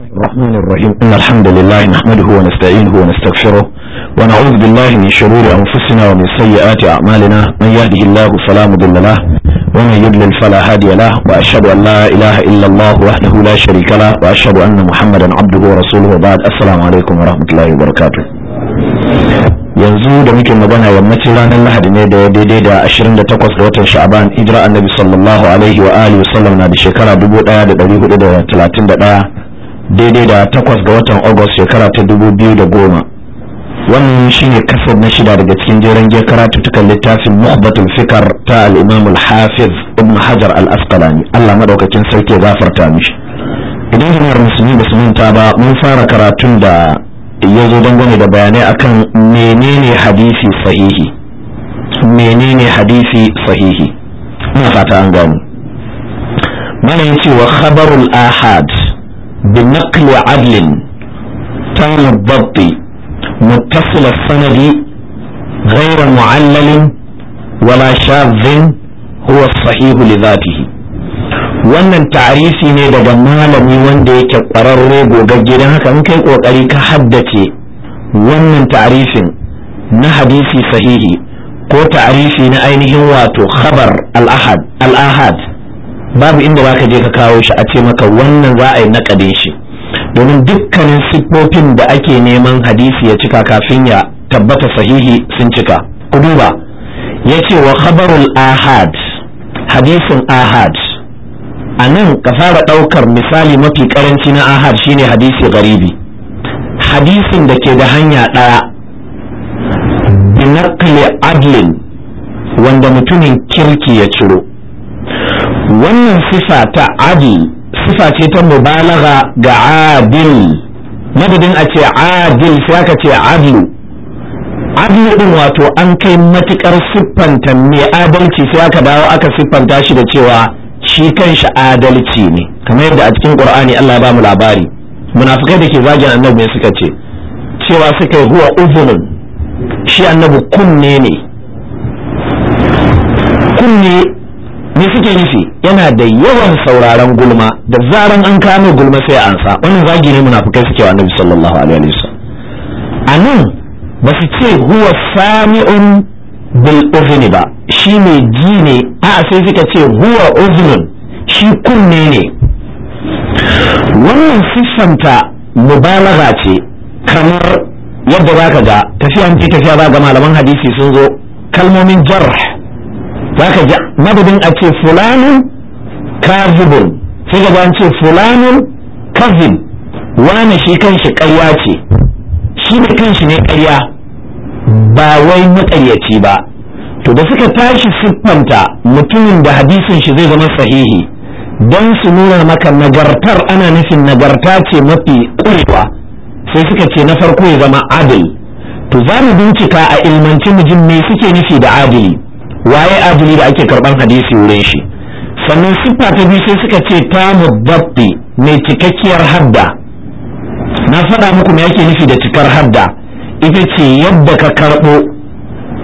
الرحمن الرحيم إن الحمد لله نحمده ونستعينه ونستغفره ونعوذ بالله من شرور أنفسنا ومن سيئات أعمالنا من يهده الله فلا مضل له ومن يضلل فلا هادي له وأشهد أن لا إله إلا الله وحده لا شريك له وأشهد أن محمدا عبده ورسوله وبعد السلام عليكم ورحمة الله وبركاته yanzu da muke magana yammacin ranar lahadi ne da ya daidai da 28 ga watan sha'aban hijira annabi sallallahu alaihi wa alihi wasallam na da shekara 1431 daidai da takwas ga watan agus shekara ta dubu biyu da goma wannan shine kasar na shida daga cikin jeren giyar karatuttukan littafin muhbatul fikar ta al-imam al-hafiz ibn hajar al-asqalani allah madaukakin sarki gafarta mishi idan jama'ar musulmi ba su manta ba mun fara karatun da ya zo dangane da bayanai akan menene hadisi sahihi menene hadisi sahihi ina fata an gano mana yace wa khabarul ahad بنقل عدل تام الضبط متصل السند غير معلل ولا شاذ هو الصحيح لذاته wannan tarifi ne daga malami wanda yake ƙwararre gogagge don haka in kai ƙoƙari ka haddace wannan tarifin na hadisi sahihi ko tarifi na ainihin wato khabar al-ahad babu inda zaka je ka kawo shi a ce maka wannan za a yi naƙade shi domin dukkanin siffofin da ake neman hadisi ya cika kafin ya tabbata sahihi sun cika ku duba ya ce wa khabarul ahad hadisin ahad a nan ka fara ɗaukar misali mafi karanci na ahad shine hadisi garibi hadisin da ke da hanya ɗaya binakle adlin wanda mutumin kirki ya ciro wannan sifa ta adil sifa ce ta mubalaga ga adil madadin a ce adil sai aka ce adlu adlu din wato an kai matukar siffanta mai adalci sai aka dawo aka siffanta shi da cewa shi kanshi adalci ne kamar yadda a cikin qur'ani Allah ba mu labari munafikai da ke zagin annabi ne suka ce cewa suka yi huwa uzunun shi annabi kunne ne kunne me suke nufi yana da yawan sauraron gulma da zaran an kame gulma sai an sa wannan zagi ne munafikai suke wa annabi sallallahu alaihi wasallam anan ba su ce huwa sami'un bil uzni ba shi ne ji ne a sai suka ce huwa uznun shi kunne ne wannan siffanta mubalaga ce kamar yadda zaka ga tafiya ce tafiya ba ga malaman hadisi sun zo kalmomin jarh za ka ji madadin a ce fulanin kazibun sai ga an ce fulanin kazib wani shi kanshi karya ce shi da kanshi ne ƙarya ba wai matsayaci ba to da suka tashi siffanta mutumin da hadisin shi zai zama sahihi don su nuna maka nagartar ana nufin nagarta ce mafi ƙurewa sai suka ce na farko ya zama adil to za mu bincika a ilmanci mu jin me suke nufi da adili waye ajini da ake karban hadisi wurin shi sannan siffa ta biyu sai suka ce ta mudabbi mai cikakkiyar hadda na faɗa muku me yake nufi da cikar hadda ita ce yadda ka karɓo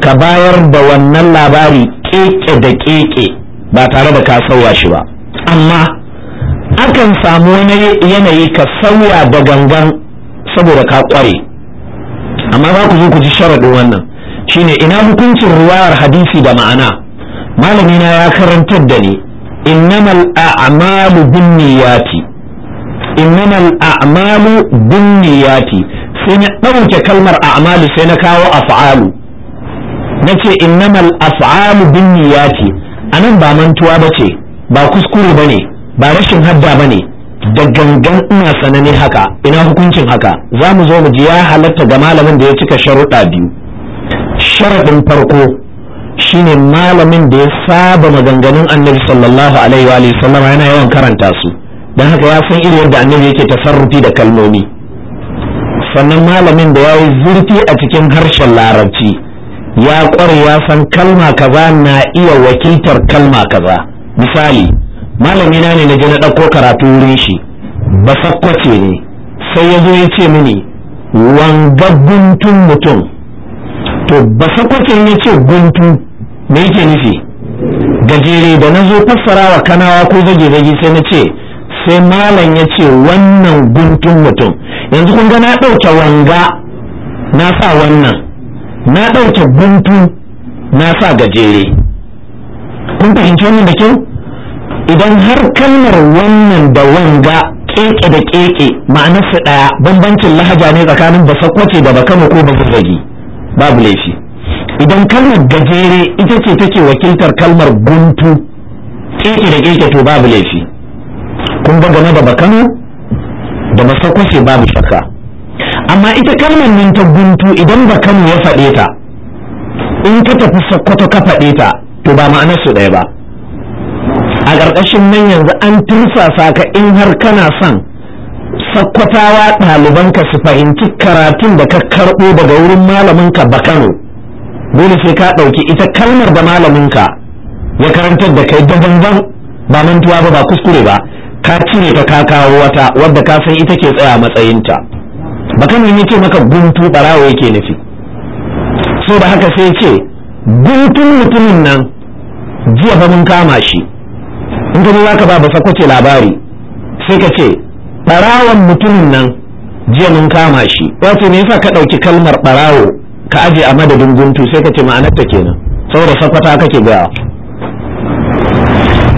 ka bayar da wannan labari keke da keke ba tare da ka sauya shi ba amma akan samu wani yanayi ka sauya da gangan saboda ka ƙware amma za ku zo ku ji sharaɗin wannan shine ina hukuncin ruwayar hadisi da ma'ana malami na ya karantar da ni innamal a'malu binniyati innamal a'malu binniyati sai na ɗauke kalmar a'malu sai na kawo af'alu nace innamal af'alu binniyati anan ba mantuwa bace ba kuskure bane ba rashin hadda bane da gangan ina sanani haka ina hukuncin haka za mu zo mu ji ya halatta ga malamin da ya cika sharuɗa biyu sharaɗin farko shine malamin da ya saba maganganun annabi sallallahu alaihi wa sallam yana yawan karanta su don haka ya san irin yadda annabi yake tasarrufi da kalmomi sannan malamin da ya yi zurfi a cikin harshen larabci ya kware ya san kalma kaza na iya wakiltar kalma kaza misali na ne na je na ɗauko karatu wurin shi ba sakwace ne sai ya zo ya ce mini wanga mutum to ba sakwacin ya ce guntu me yake nufi gajere da na zo fassara wa kanawa ko zage-zage sai na ce sai malam ya ce wannan guntun mutum yanzu kun ga na ɗauke wanga na sa wannan na ɗauke guntu na sa gajere kun fahimci wannan da kyau idan har kalmar wannan da wanga keke da keke ma'anarsa ɗaya bambancin lahaja ne tsakanin basakwace da bakano ko ba zage babu laifi idan kalmar gajere ita ce take wakiltar kalmar guntu keke da keke to babu laifi kun ga game da bakano da masakwashe babu shakka amma ita kalmar nan ta guntu idan bakano ya faɗe ta in ka tafi sakkwato ka faɗe ta to ba ma'anar su ɗaya ba a ƙarƙashin nan yanzu an tursasa ka in har kana son sakkwatawa ɗalibanka su fahimci karatun da ka karɓo daga wurin malaminka ba kano dole sai ka ɗauki ita kalmar da malaminka ya karantar da kai daban ba mantuwa ba ba kuskure ba ka cire ta ka kawo wata wadda ka san ita ke tsaya matsayinta ba kano ce maka guntu ɓarawo yake nufi so da haka sai ce guntun mutumin nan jiya ba mun kama shi in ka ba ba sakwace labari sai ka ce ɓarawon mutumin nan jiya mun kama shi wato me yasa ka ɗauki kalmar ɓarawo ka aje a madadin guntu sai ka ce ma'anarta kenan saboda sakwata kake gaya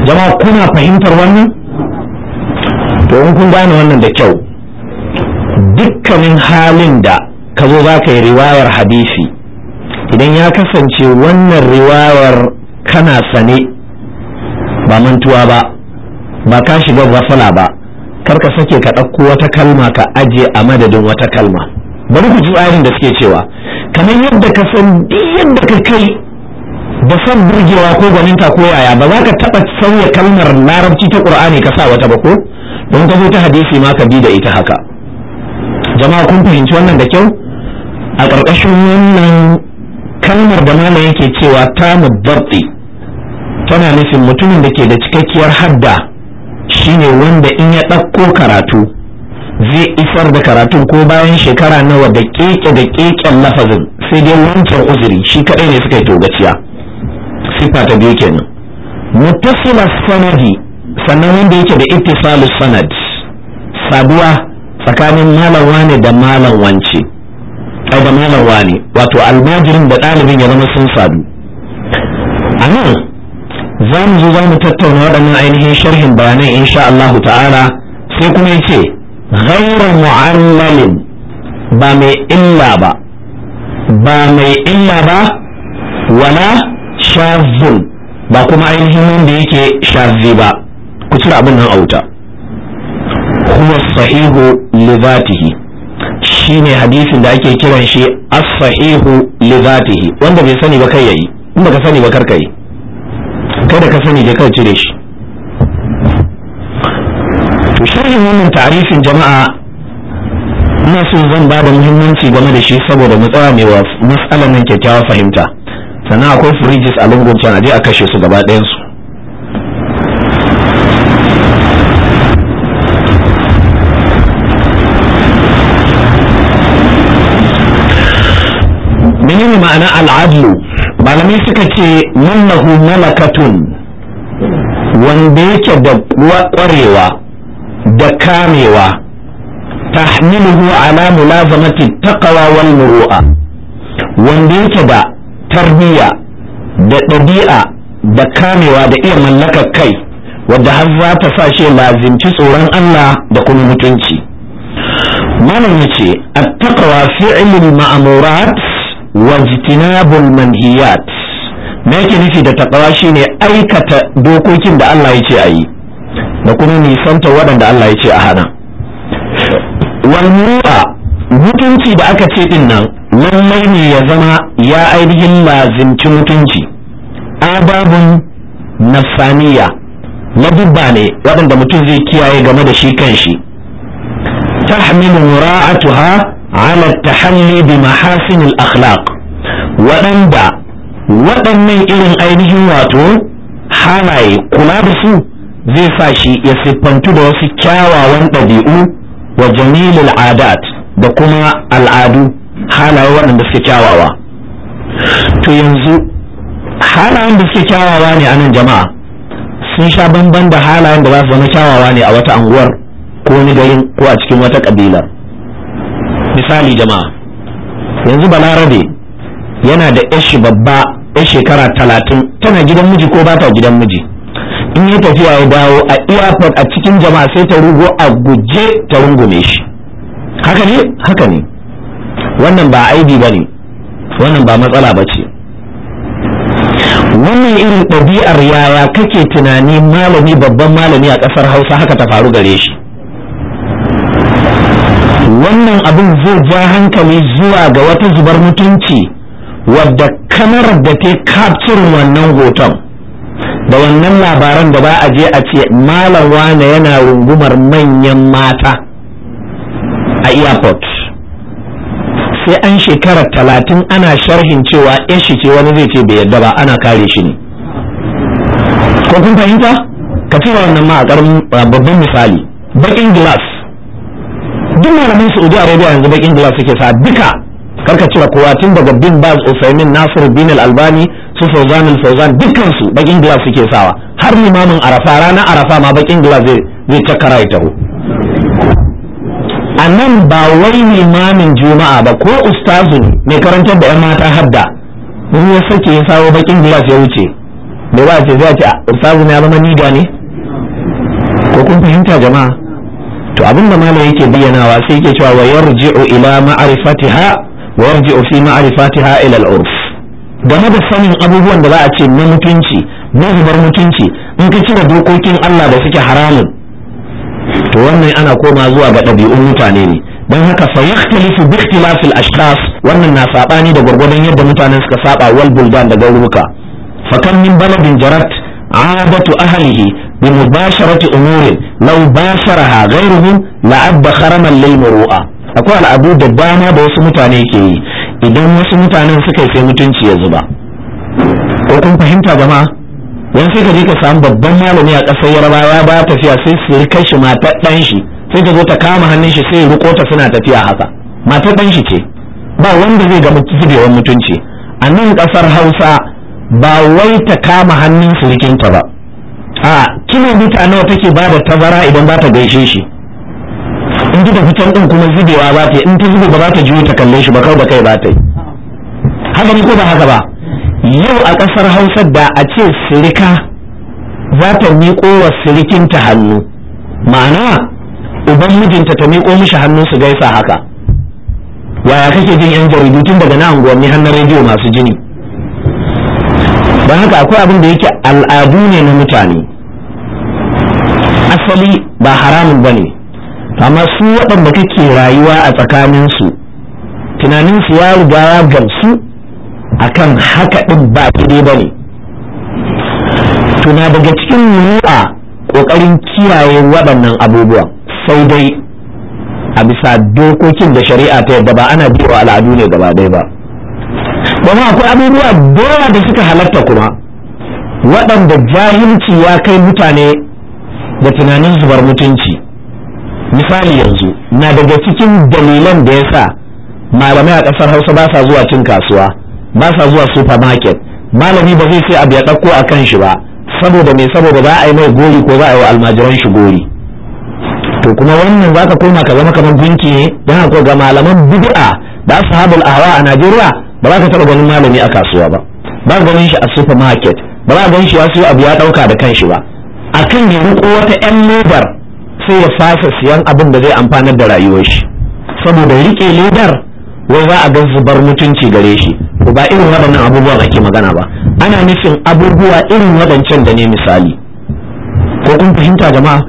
jama'a kuna fahimtar wannan to in kun gane wannan da kyau dukkanin halin da ka zo za ka yi riwayar hadisi idan ya kasance wannan riwayar kana sane ba mantuwa ba ba ka shiga wasala ba kar ka sake ka ɗauko wata kalma ka aje a madadin wata kalma bari ku ji tsarin da suke cewa kamar yadda ka san yadda ka kai da san burgewa ko gwaninta ko yaya ba za ka taɓa sauya kalmar larabci ta ƙur'ani ka sa wata ba ko don ka zo ta hadisi ma ka bi da ita haka jama'a kun fahimci wannan da kyau a ƙarƙashin wannan kalmar da malam yake cewa ta mudabti tana nufin mutumin da ke da cikakkiyar hadda shine wanda in ya ɗauko karatu zai isar da karatun ko bayan shekara nawa da keke da keken lafazin sai dai wancan uzuri shi kaɗai ne suka yi togaciya sifa ta biyu kenan mutasila sanadi sannan wanda yake da ittisalu sanad saduwa tsakanin malam ne da malam wance ai da malam ne wato almajirin da ɗalibin ya zama sun sadu a nan za mu zo za mu tattauna waɗannan ainihin sharhin bayanai sha Allah ta'ala sai kuma yace ghayru mu'allalin ba mai illa ba ba mai illa ba wala shazun ba kuma ainihin wanda yake shazzi ba ku cire abin nan a wuta. huwa sahihu li dhatihi shine hadisin da ake kiran shi as-sahihu li dhatihi wanda bai sani ba kai yayi in baka sani ba kar kai kada ka sani da kai cire shi to sharhin wannan tarihin jama'a ina so zan ba da muhimmanci game da shi saboda matsala ne wa mas'alan nan fahimta sannan akwai fridges a lungun can aje a kashe su gaba ɗayan su menene ma'ana al'adlu malamai suka ce mannahu malakatun wanda yake da kwarewa da kamewa ta tahmiluhu alamu lazamati taqwa wal muru'a wanda yake da tarbiyya da ɗabi'a da kamewa da iya mallakar kai wadda har za ta sa shi lazimci tsoron Allah da kuma mutunci malam yace at-taqwa fi'lul ma'murat wajtinabul manhiyat me yake nufi da taqwa shine aikata dokokin da Allah ya ce a yi da kuma nisanta waɗanda Allah ya ce a hana wal mutunci da aka ce din nan lallai ne ya zama ya ainihin lazimci mutunci ababun na dubba ne waɗanda mutum zai kiyaye game da shi kanshi tahmilu ra'atuha ala tahalli bi mahasinil akhlaq waɗanda waɗannan irin ainihin wato halaye kula da su zai sa shi ya siffantu da wasu kyawawan ɗabi'u wa jamilul adat da kuma al'adu halaye waɗanda suke kyawawa to yanzu halayen da suke kyawawa ne a nan jama'a sun sha bamban da halayen da za su zama kyawawa ne a wata anguwar ko wani garin ko a cikin wata ƙabilar misali jama'a yanzu balarabe yana da yashi babba ya shekara talatin tana gidan miji ko ba ta gidan miji in yi tafiya ya dawo a iyafar a cikin jama'a sai ta rugo a guje ta rungume shi haka ne haka ne wannan ba aibi ba ne wannan ba matsala ba ce wannan irin ɗabi'ar yaya kake tunani malami babban malami a ƙasar hausa haka ta faru gare shi wannan abin zai ja hankali zuwa ga wata zubar mutunci wadda kamarar da ta capturing wannan hoton da wannan labaran da ba a je a ce malam na yana rungumar manyan mata a airport sai an shekarar talatin ana sharhin cewa yashi ce wani zai ce bai yadda ba ana kare shi ne ko kun fahimta ka tura wannan ma a karin babban misali bakin glass duk malaman saudi arabia yanzu bakin glass suke sa duka karka cewa kowa tun daga bin baz usaimin nasir bin albani su fauzan fauzan dukkan su bakin glass suke sawa har limamin arafa rana arafa ma bakin glass zai zai ta taho a nan ba wai limamin juma'a ba ko ustazu mai karantar da 'yan mata hadda mun ya sake ya sawo bakin glass ya wuce mai ba ce zai ce ustazu ya zama niga ne ko kun fahimta jama'a to abin da malam yake bayyanawa sai yake cewa wa yarji'u ila ma'rifatiha wa yarji'u fi ma'rifatiha ila al-urf game da sanin abubuwan da za a ce na mutunci na zubar mutunci in ka cire dokokin Allah da suke haramun to wannan ana koma zuwa ga ɗabi'un mutane ne don haka fa yakhtalifu bi ikhtilafil ashkhas wannan na sabani da gwargwadon yadda mutanen suka saba wal buldan da garuruka fa kam min baladin jarat adatu ahlihi bi mubasharati umurin law basharaha ghayruhu la'adda kharaman lil muru'a akwai al'adu da dama da wasu mutane ke yi idan wasu mutanen suka sai mutunci ya zuba ko kun fahimta zama yan sai ka je ka samu babban malami a kasar yarabawa ba tafiya sai su rika shi matar ɗan shi sai ta zo ta kama hannun shi sai riko suna tafiya haka matar ɗan shi ce ba wanda zai ga zubewar mutunci a nan ƙasar hausa ba wai ta kama hannun surikinta ba a kilomita nawa take bada da tazara idan ba ta gaishe shi in ji da fitan din kuma zubewa ba ta in ta zube ba za ta juyo ta kalle shi ba kawai da kai ba ta yi haka ne ko ba haka ba yau a ƙasar hausa da a ce sirika za ta miƙo wa sirikinta hannu ma'ana uban mijinta ta miƙo mishi hannu su gaisa haka waya kake jin yan jaridu tun daga na unguwanni hannun rediyo masu jini don haka akwai abin da yake al'adu ne na mutane asali ba haramun ba ne amma su waɗanda kake rayuwa a tsakaninsu tunaninsu ya riga ya gamsu akan haka ɗin ba daidai ba ne tuna daga cikin nuna ƙoƙarin kiyaye waɗannan abubuwan sau dai a bisa dokokin da shari'a ta yadda ba ana biyo al'adu ne gaba ɗaya ba kuma akwai abubuwa da da suka halatta kuma waɗanda jahilci ya kai mutane da tunanin zubar mutunci misali yanzu na daga cikin dalilan da ya sa malamai a ƙasar hausa ba sa zuwa cin kasuwa ba sa zuwa supermarket malami ba zai sai abu ya ɗauko a kan shi ba saboda mai saboda za a yi mai gori ko za a yi wa almajiran shi gori to kuma wannan za ka koma ka zama kamar gunki ne don haka ga malaman bid'a da ashabul ahwa a najeriya ba za ka taɓa ganin malami a kasuwa ba ba ka ganin shi a supermarket ba za ka ganin shi ya abu ya ɗauka da kanshi ba a kan ya wata 'yan mobar sai ya fasa siyan abin da zai amfanar da rayuwar shi saboda riƙe ledar wai za a ga zubar mutunci gare shi ko ba irin waɗannan abubuwan ake magana ba ana nufin abubuwa irin waɗancan da ne misali ko kun fahimta jama'a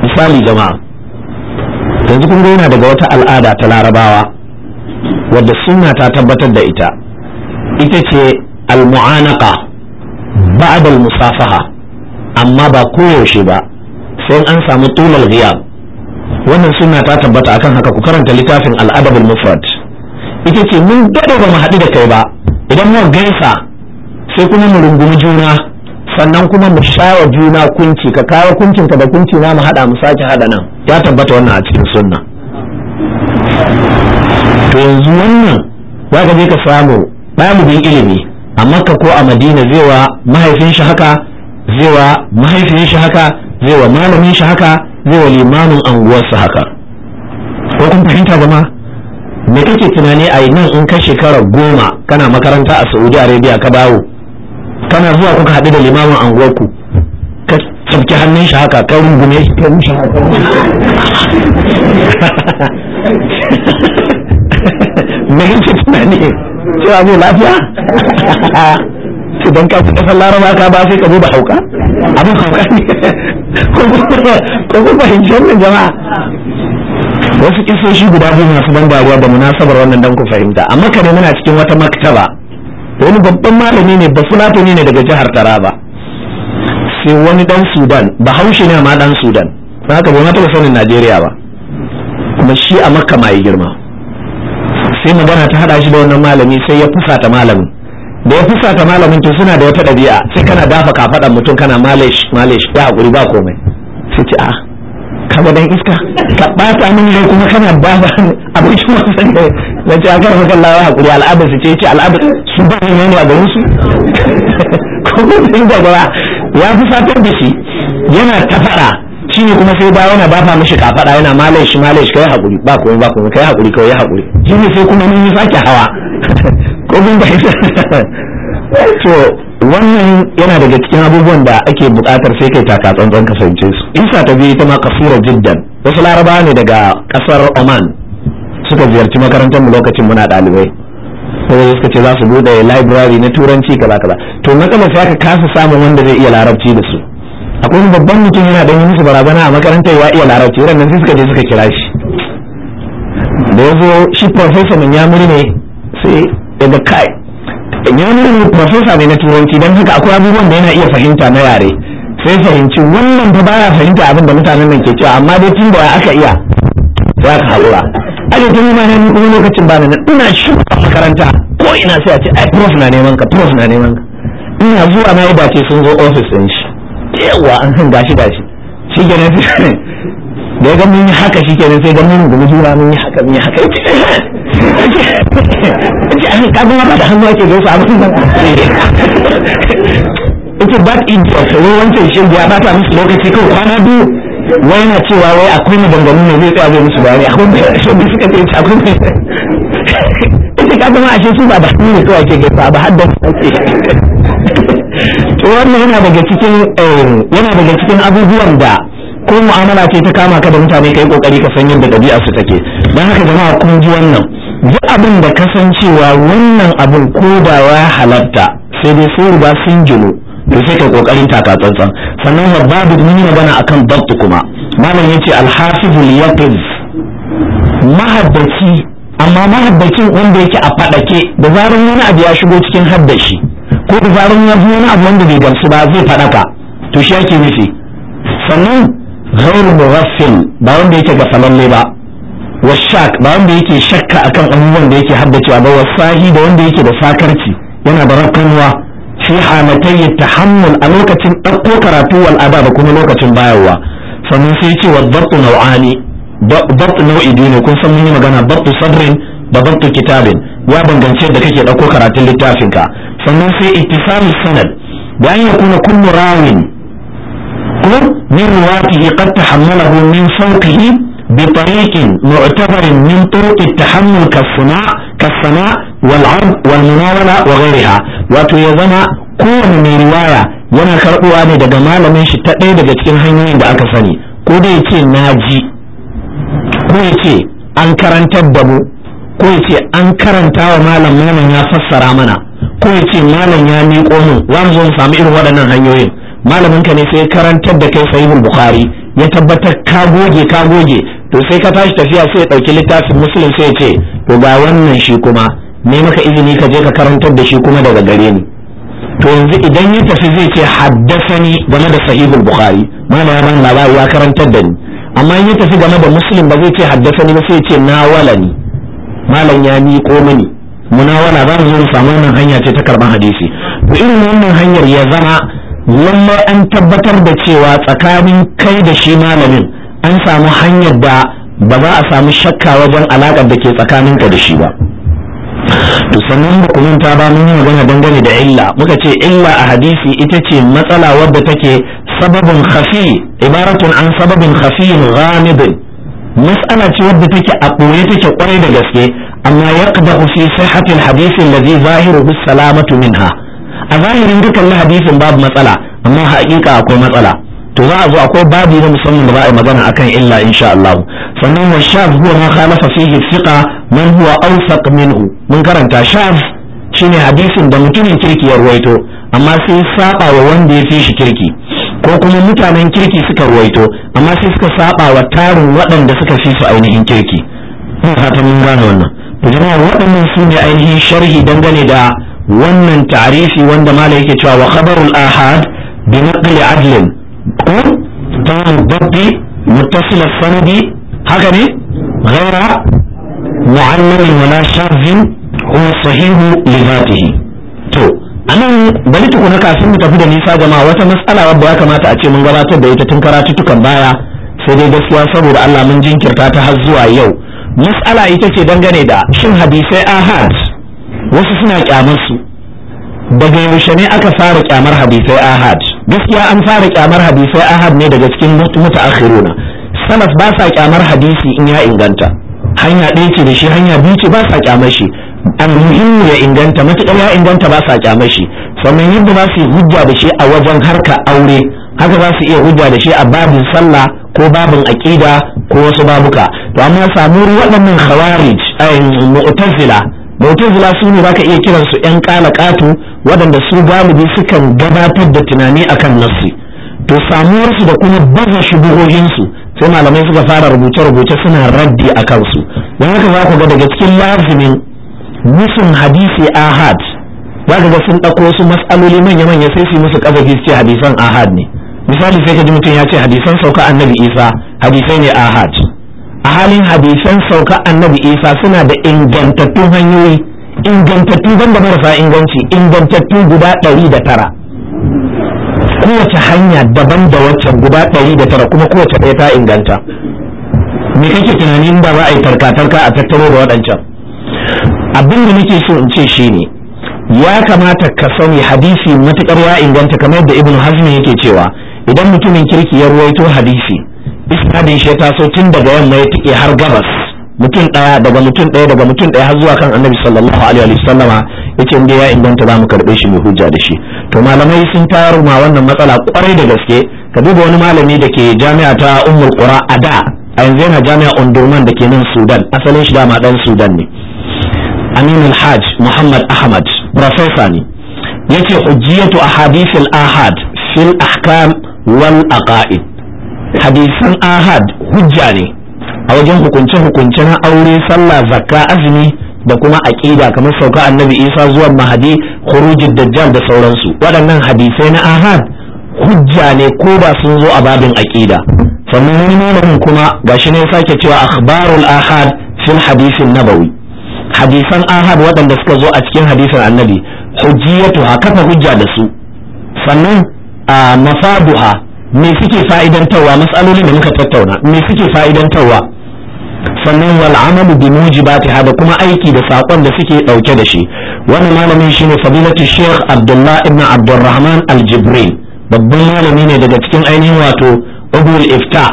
misali jama'a yanzu kun ga daga wata al'ada ta larabawa wadda sunna ta tabbatar da ita ita ce almu'anaka ba'da musafaha amma ba koyaushe ba sai an samu tulal ghiyab wannan sunna ta tabbata akan haka ku karanta littafin al'adab adab al-mufrad ita ce mun dade ba mu haɗu da kai ba idan mun gaisa sai kuma mu rungumi juna sannan kuma mu shawa juna kunci ka kawo kuncinka da kunci na mu haɗa mu sake haɗa nan ya tabbata wannan a cikin sunna to yanzu wannan za ka je ka samu ɗalibin ilimi a makka ko a madina zai wa mahaifin shi haka zai wa mahaifin shi haka zai wa malamin shi haka zai wa limamin anguwarsa haka ko kun fahimta ma me kake tunani a nan in ka shekara goma kana makaranta a saudi arabia ka bawo kana zuwa kuka haɗu da limamin anguwarku ka tsabki hannun shi haka ka rungume shi ka shi haka mai yanke tunani cewa zai lafiya idan ka kuɗa sallara ma ka ba sai ka zo da hauka abin hauka ne ko kuma wannan jama'a wasu kisoshi guda biyu masu ban dariya da munasabar wannan dan ku fahimta amma kare muna cikin wata maktaba wani babban malami ne ba fulatani ne daga jihar taraba sai wani dan sudan ba haushi ne ma dan sudan haka ba na sanin najeriya ba kuma shi a makka ma yi girma sai magana ta hada shi da wannan malami sai ya fusata malamin da ya fusata malamin to suna da wata ɗabi'a sai kana dafa faɗa mutum kana malish malish ya haƙuri ba komai sai ce ah, a ga dan iska ka ɓata min ne kuma kana ba ba abin shi san ne na ce a karfa kan lawa haƙuri al'adar su ce ce al'adar su ba ne ne a garin su ko ba ya fusata da shi yana ta faɗa ne kuma sai ba na ba fa mishi kafada yana malai shi malai shi kai hakuri ba komai ba komai kai hakuri kai hakuri ne sai kuma ni sake hawa ko bin ba to wannan yana daga cikin abubuwan da ake buƙatar sai kai taka tsantsan kasance su isa ta biyu ta ma kafura jiddan wasu larabawa ne daga kasar oman suka ziyarci makarantar mu lokacin muna ɗalibai sai suka ce za su bude library na turanci kaza kaza to matsalar sai aka kasa samun wanda zai iya larabci da su akwai wani babban mutum yana ɗan yi musu barazana a makarantar ya iya larabci yadda nan sai suka je suka kira shi da ya zo shi professor min yamuri ne sai ga kai yamuri ne professor ne na turanci don haka akwai abubuwan da yana iya fahimta na yare sai fahimci wannan ta baya fahimta abin da mutanen nan ke cewa amma dai tun da aka iya sai aka haƙura aka tuni ma ne kuma lokacin ba na ina shuka a makaranta ko ina sai a ce ai prof na neman ka prof na neman ka ina zuwa na yi dace sun zo ofis ɗin shi yawa an san gashi gashi shi kenan da ya ga mun yi haka shi kenan sai ga mun gumi juna mun yi haka mun yi haka ake an ka gama da hannu ake zo su abin nan ake ba in tsoro wancan shi ya ba ta musu lokaci kawai kwana biyu wai na cewa wai akwai dangane ne zai tsaya zai musu bayani akwai mai shi bi suka ce akwai mai ake ka gama ashe su ba ba ne kawai ke gaifa ba har da su to wannan yana daga cikin eh, yana daga cikin abubuwan da ko mu'amala ce ta kama ka da mutane kai kokari ka san yadda dabi'a su take dan haka jama'a kun ji wannan duk abin da kasancewa wannan abin ko da ya halatta sai dai sai ba sun jilo to sai ka kokarin taka tsantsan sannan wa babu mun bana akan dabt kuma malam yace al-hafizul yaqiz mahabbaci amma mahabbacin wanda yake a fadake da zarar wani abu ya shigo cikin haddashi ko da zaran ya fi wani abu wanda bai gamsu ba zai ka to shi ake nufi sannan ghairu mughaffil ba wanda yake gafalanne ba wa shak ba wanda yake shakka akan abubuwan da yake haddacewa ba wasahi da wanda yake da sakarci yana da rakanwa fi hamatai tahammul a lokacin ɗauko karatu wal adaba kuma lokacin bayarwa sannan sai ce wa dabtu nau'ani dabtu nau'i biyu ne kun san mun yi magana dabtu sadrin da dabtu kitabin ya bangance da kake ɗauko karatun littafinka sannan sai ittisalu sanad da an kuna kullu rawin ko min ruwatihi qad tahammalahu min fawqihi bi tariqin mu'tabarin min turuq at-tahammul ka sana wal 'ard wal munawala wa ghayriha wato ya zama kowane mai riwaya yana karbuwa ne daga malamin shi ta ɗaya daga cikin hanyoyin da aka sani ko da na naji ko ce an karantar da mu ko ce an karanta wa malam malam ya fassara mana ko ya ce malam ya miƙo min za mu zo mu samu irin waɗannan hanyoyin malamin ka ne sai karantar da kai sahihul bukhari ya tabbatar ka goge ka goge to sai ka tashi tafiya sai ya ɗauki littafin muslim sai ya ce to ga wannan shi kuma ne maka izini ka je ka karantar da shi kuma daga gare ni to yanzu idan ya tafi zai ce haddasani game da sahihul bukhari malam ya bani labari ya karantar da ni amma in ya tafi game da muslim ba zai ce haddasani ba sai ya ce na wala ni malam ya miƙo mini munawala za mu zo mu samu wannan hanya ce ta karban hadisi to irin wannan hanyar ya zama lallai an tabbatar da cewa tsakanin kai da shi malamin an samu hanyar da ba za a samu shakka wajen alaƙar da ke tsakaninka da shi ba to sannan ba kumanta ba mun magana dangane da illa muka ce illa a hadisi ita ce matsala wadda take sababin khafi ibaratun an sababin khafi ghamidin mas'ala ce wadda take a ɓoye take kwarai da gaske amma yaqdahu fi sihhatil hadisi alladhi zahiruhu salamatu minha a zahirin dukkan hadisin babu matsala amma haƙiƙa akwai matsala to za a zo akwai babu na musamman da za a yi magana akan illa insha Allah sannan wa shaf huwa ma khalafa fihi thiqa man huwa awsaq minhu mun karanta shaf shine hadisin da mutumin kirki ya ruwaito amma sai saba wa wanda ya fi shi kirki ko kuma mutanen kirki suka ruwaito amma sai suka saba wa tarin waɗanda suka fi su ainihin kirki ina fatan mun gane wannan to jama'a waɗannan su ne ainihin sharhi dangane da wannan ta'arifi wanda malai yake cewa wa khabarul ahad bi naqli adlin ko tamam dabbi muttasil sanadi haka ne ghaira mu'allal wala shadh huwa sahih li to a nan bari tukuna kafin mu tafi da nisa jama'a wata matsala wadda ya kamata a ce mun gabatar da ita tun karatutukan baya sai dai gaskiya saboda Allah mun jinkirta ta har zuwa yau matsala ita ce dangane da shin hadisai ahad wasu suna kyamar su daga yaushe ne aka fara kyamar hadisai ahad gaskiya an fara kyamar hadisai ahad ne daga cikin mutaakhiruna salaf ba sa kyamar hadisi in ya inganta hanya ɗaya ce da shi hanya biyu ce ba sa kyamar shi almuhimmu ya inganta matukar ya inganta ba sa kyamar shi sannan yadda ba su yi hujja da shi a wajen harka aure haka za su iya hujja da shi a babin sallah ko babin aƙida ko wasu babuka to amma samu waɗannan khawarij mu'tazila mu'tazila su ne baka iya kiran su yan kalakatu waɗanda su galibi sukan gabatar da tunani akan nassi to samuwar su da kuma baza shubuhohin su sai malamai suka fara rubuce-rubuce suna raddi akan su don haka za ku ga daga cikin lazimin musun hadisi ahad za ka ga sun ɗauko wasu matsaloli manya-manya sai su musu kafa su ce hadisan ahad ne misali sai ka ji mutum ya ce hadisan sauka annabi isa hadisai ne ahad a halin hadisan sauka annabi isa suna da ingantattun hanyoyi ingantattu ban da marasa inganci ingantattu guda ɗari da tara kowace hanya daban da waccan guda ɗari da tara kuma kowace ɗaya ta inganta me kake tunanin ba za a yi tarka-tarka a tattaro da waɗancan abin da nake so in ce shi ne ya kamata ka sani hadisi matukar ya inganta kamar da Ibn hazmi yake cewa idan mutumin kirki ya ruwaito hadisi isnadin shi ya taso tun daga yamma ya tike har gabas mutum daya daga mutum daya daga mutum daya har zuwa kan annabi sallallahu alaihi wa sallama yace inda ya inganta za mu karbe shi mu hujja da shi to malamai sun tayar ma wannan matsala kwarai da gaske ka duba wani malami da ke jami'a ta ummul qura da a yanzu yana jami'a undurman da ke nan sudan asalin shi dama dan sudan ne aminul hajj muhammad ahmad profesa ne ya ce yace a ahadithil ahad fil ahkam wal aqaid hadisan ahad hujja ne a wajen hukunce hukunce na aure sallah zakka azumi da kuma aƙida kamar sauka annabi isa zuwan mahadi khurujid dajjal da sauransu waɗannan hadisai na ahad hujja ne ko ba su zo a babin aqida sannan wani malamin kuma gashi ne sake cewa akhbarul ahad fil hadisin nabawi hadisan ahad waɗanda suka zo a cikin hadisin annabi hujjiyatu ha kafa hujja da su sannan a mafaduha me suke fa'idantarwa matsalolin da muka tattauna me suke fa'idantarwa sannan wal amalu bi mujibatiha da kuma aiki da sakon da suke dauke da shi wannan malamin shine fadilatu sheikh abdullah ibn abdurrahman al-jibril babban malami ne daga cikin ainihin wato ubul ifta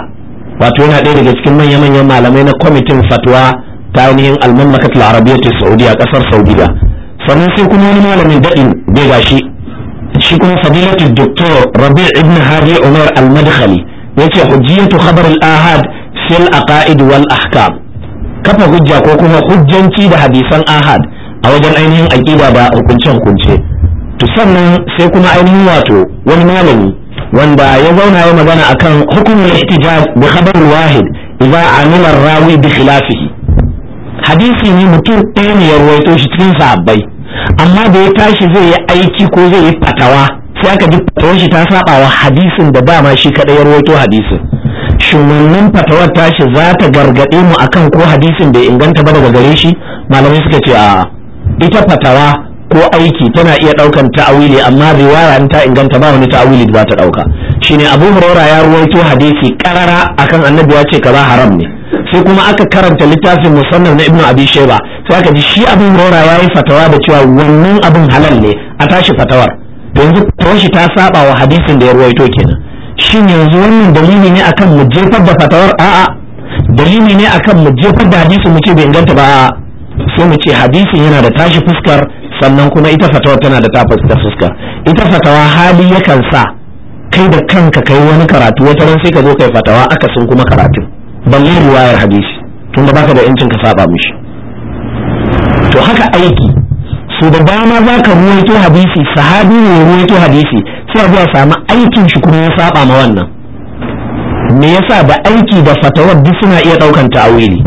wato yana ɗaya daga cikin manya-manyan malamai na kwamitin fatwa ta ainihin almamlakat al'arabiyyar ta saudiya kasar saudiya sannan sai kuma wani malamin daɗin bai gashi shi kuma fadilatu doktor rabi ibn hadi umar al ya yace hujjiyatu khabar al-ahad fil aqaid wal ahkam kafa hujja ko kuma hujjanci da hadisan ahad a wajen ainihin aqida da hukunce hukunce to sannan sai kuma ainihin wato wani malami wanda ya zauna ya magana akan hukumul ihtijaj bi khabar wahid idza amila rawi bi khilafihi hadisi ne mutum ɗaya ne ya ruwaito shi cikin sahabbai amma da ya tashi zai yi aiki ko zai yi fatawa sai aka ji fatawar shi ta saba wa hadisin da ba ma shi kaɗai ya ruwaito hadisin shin wannan fatawar tashi za ta gargaɗe mu akan ko hadisin da ya inganta ba daga gare shi malamai suka ce a ita fatawa ko aiki tana iya ɗaukan ta'awili amma riwaya in ta inganta ba wani ta'awili da ta ɗauka shine abu hurara ya ruwaito hadisi karara akan annabi ya ce kaza haram ne sai kuma aka karanta littafin musannaf na ibnu abi sheba sai aka ji shi abu hurara ya yi fatawa da cewa wannan abin halal ne a tashi fatawar yanzu fatawar shi ta saba wa hadisin da ya ruwaito kenan shin yanzu wannan dalili ne akan mu jefar da fatawar a'a dalili ne akan mu jefar da hadisin mu ce bai inganta ba sai mu ce hadisin yana da tashi fuskar sannan kuma ita fatawa tana da tafas ta fuska ita fatawa hali yakan sa kai da kanka kai wani karatu wata ran sai ka zo kai fatawa aka sun kuma karatu balle riwayar hadisi tunda baka da yancin ka saba mishi to haka aiki su da dama za ka ruwaito hadisi sahabi ne ruwaito hadisi sai zuwa samu aikin shi kuma ya saba ma wannan me yasa ba aiki da fatawar duk suna iya daukan ta'awili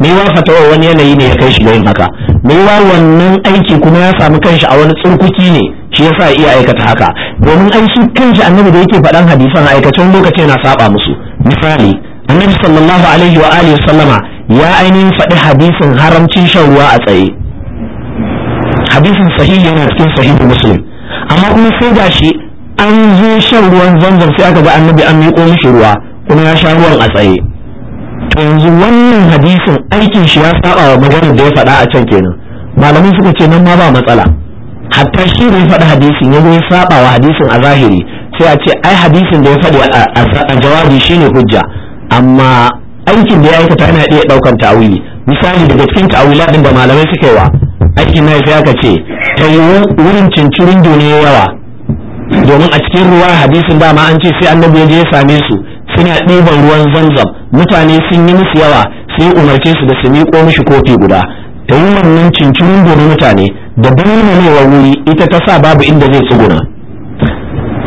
Mai wa fatawar wani yanayi ne ya kai shi ga yin haka wa wannan aiki kuma ya sami kanshi a wani tsurkuki ne shi yasa iya aikata haka domin an shi kanshi annabi da yake faɗan hadisan aikacin lokaci yana saba musu misali annabi sallallahu alaihi wa alihi sallama ya ainihin faɗi hadisin haramcin shan ruwa a tsaye hadisin sahihi yana cikin sahihu muslim amma kuma sai ga shi an zo shan ruwan zanzan sai aka ga annabi an miƙo mishi ruwa kuma ya sha ruwan a tsaye to yanzu wannan hadisin aikin shi ya saba wa maganar da ya faɗa a can kenan malamai suka ce nan ma ba matsala hatta shi ne faɗi hadisin ya ya saba wa hadisin a zahiri sai a ce ai hadisin da ya faɗi a jawabi shine hujja amma aikin da ya aikata yana iya ɗaukan ta'awili misali daga cikin ta'awiladin da malamai suka yi wa aikin na sai aka ce ta wurin cincirin duniya yawa domin a cikin ruwa hadisin dama an ce sai annabi ya je ya same su suna ɗiban ruwan zamzam mutane sun yi musu yawa sai umarce su da su miƙo mishi kofi guda ta yi wannan cincirin gobe mutane da bulmunewar wuri ita ta sa babu inda zai tsuguna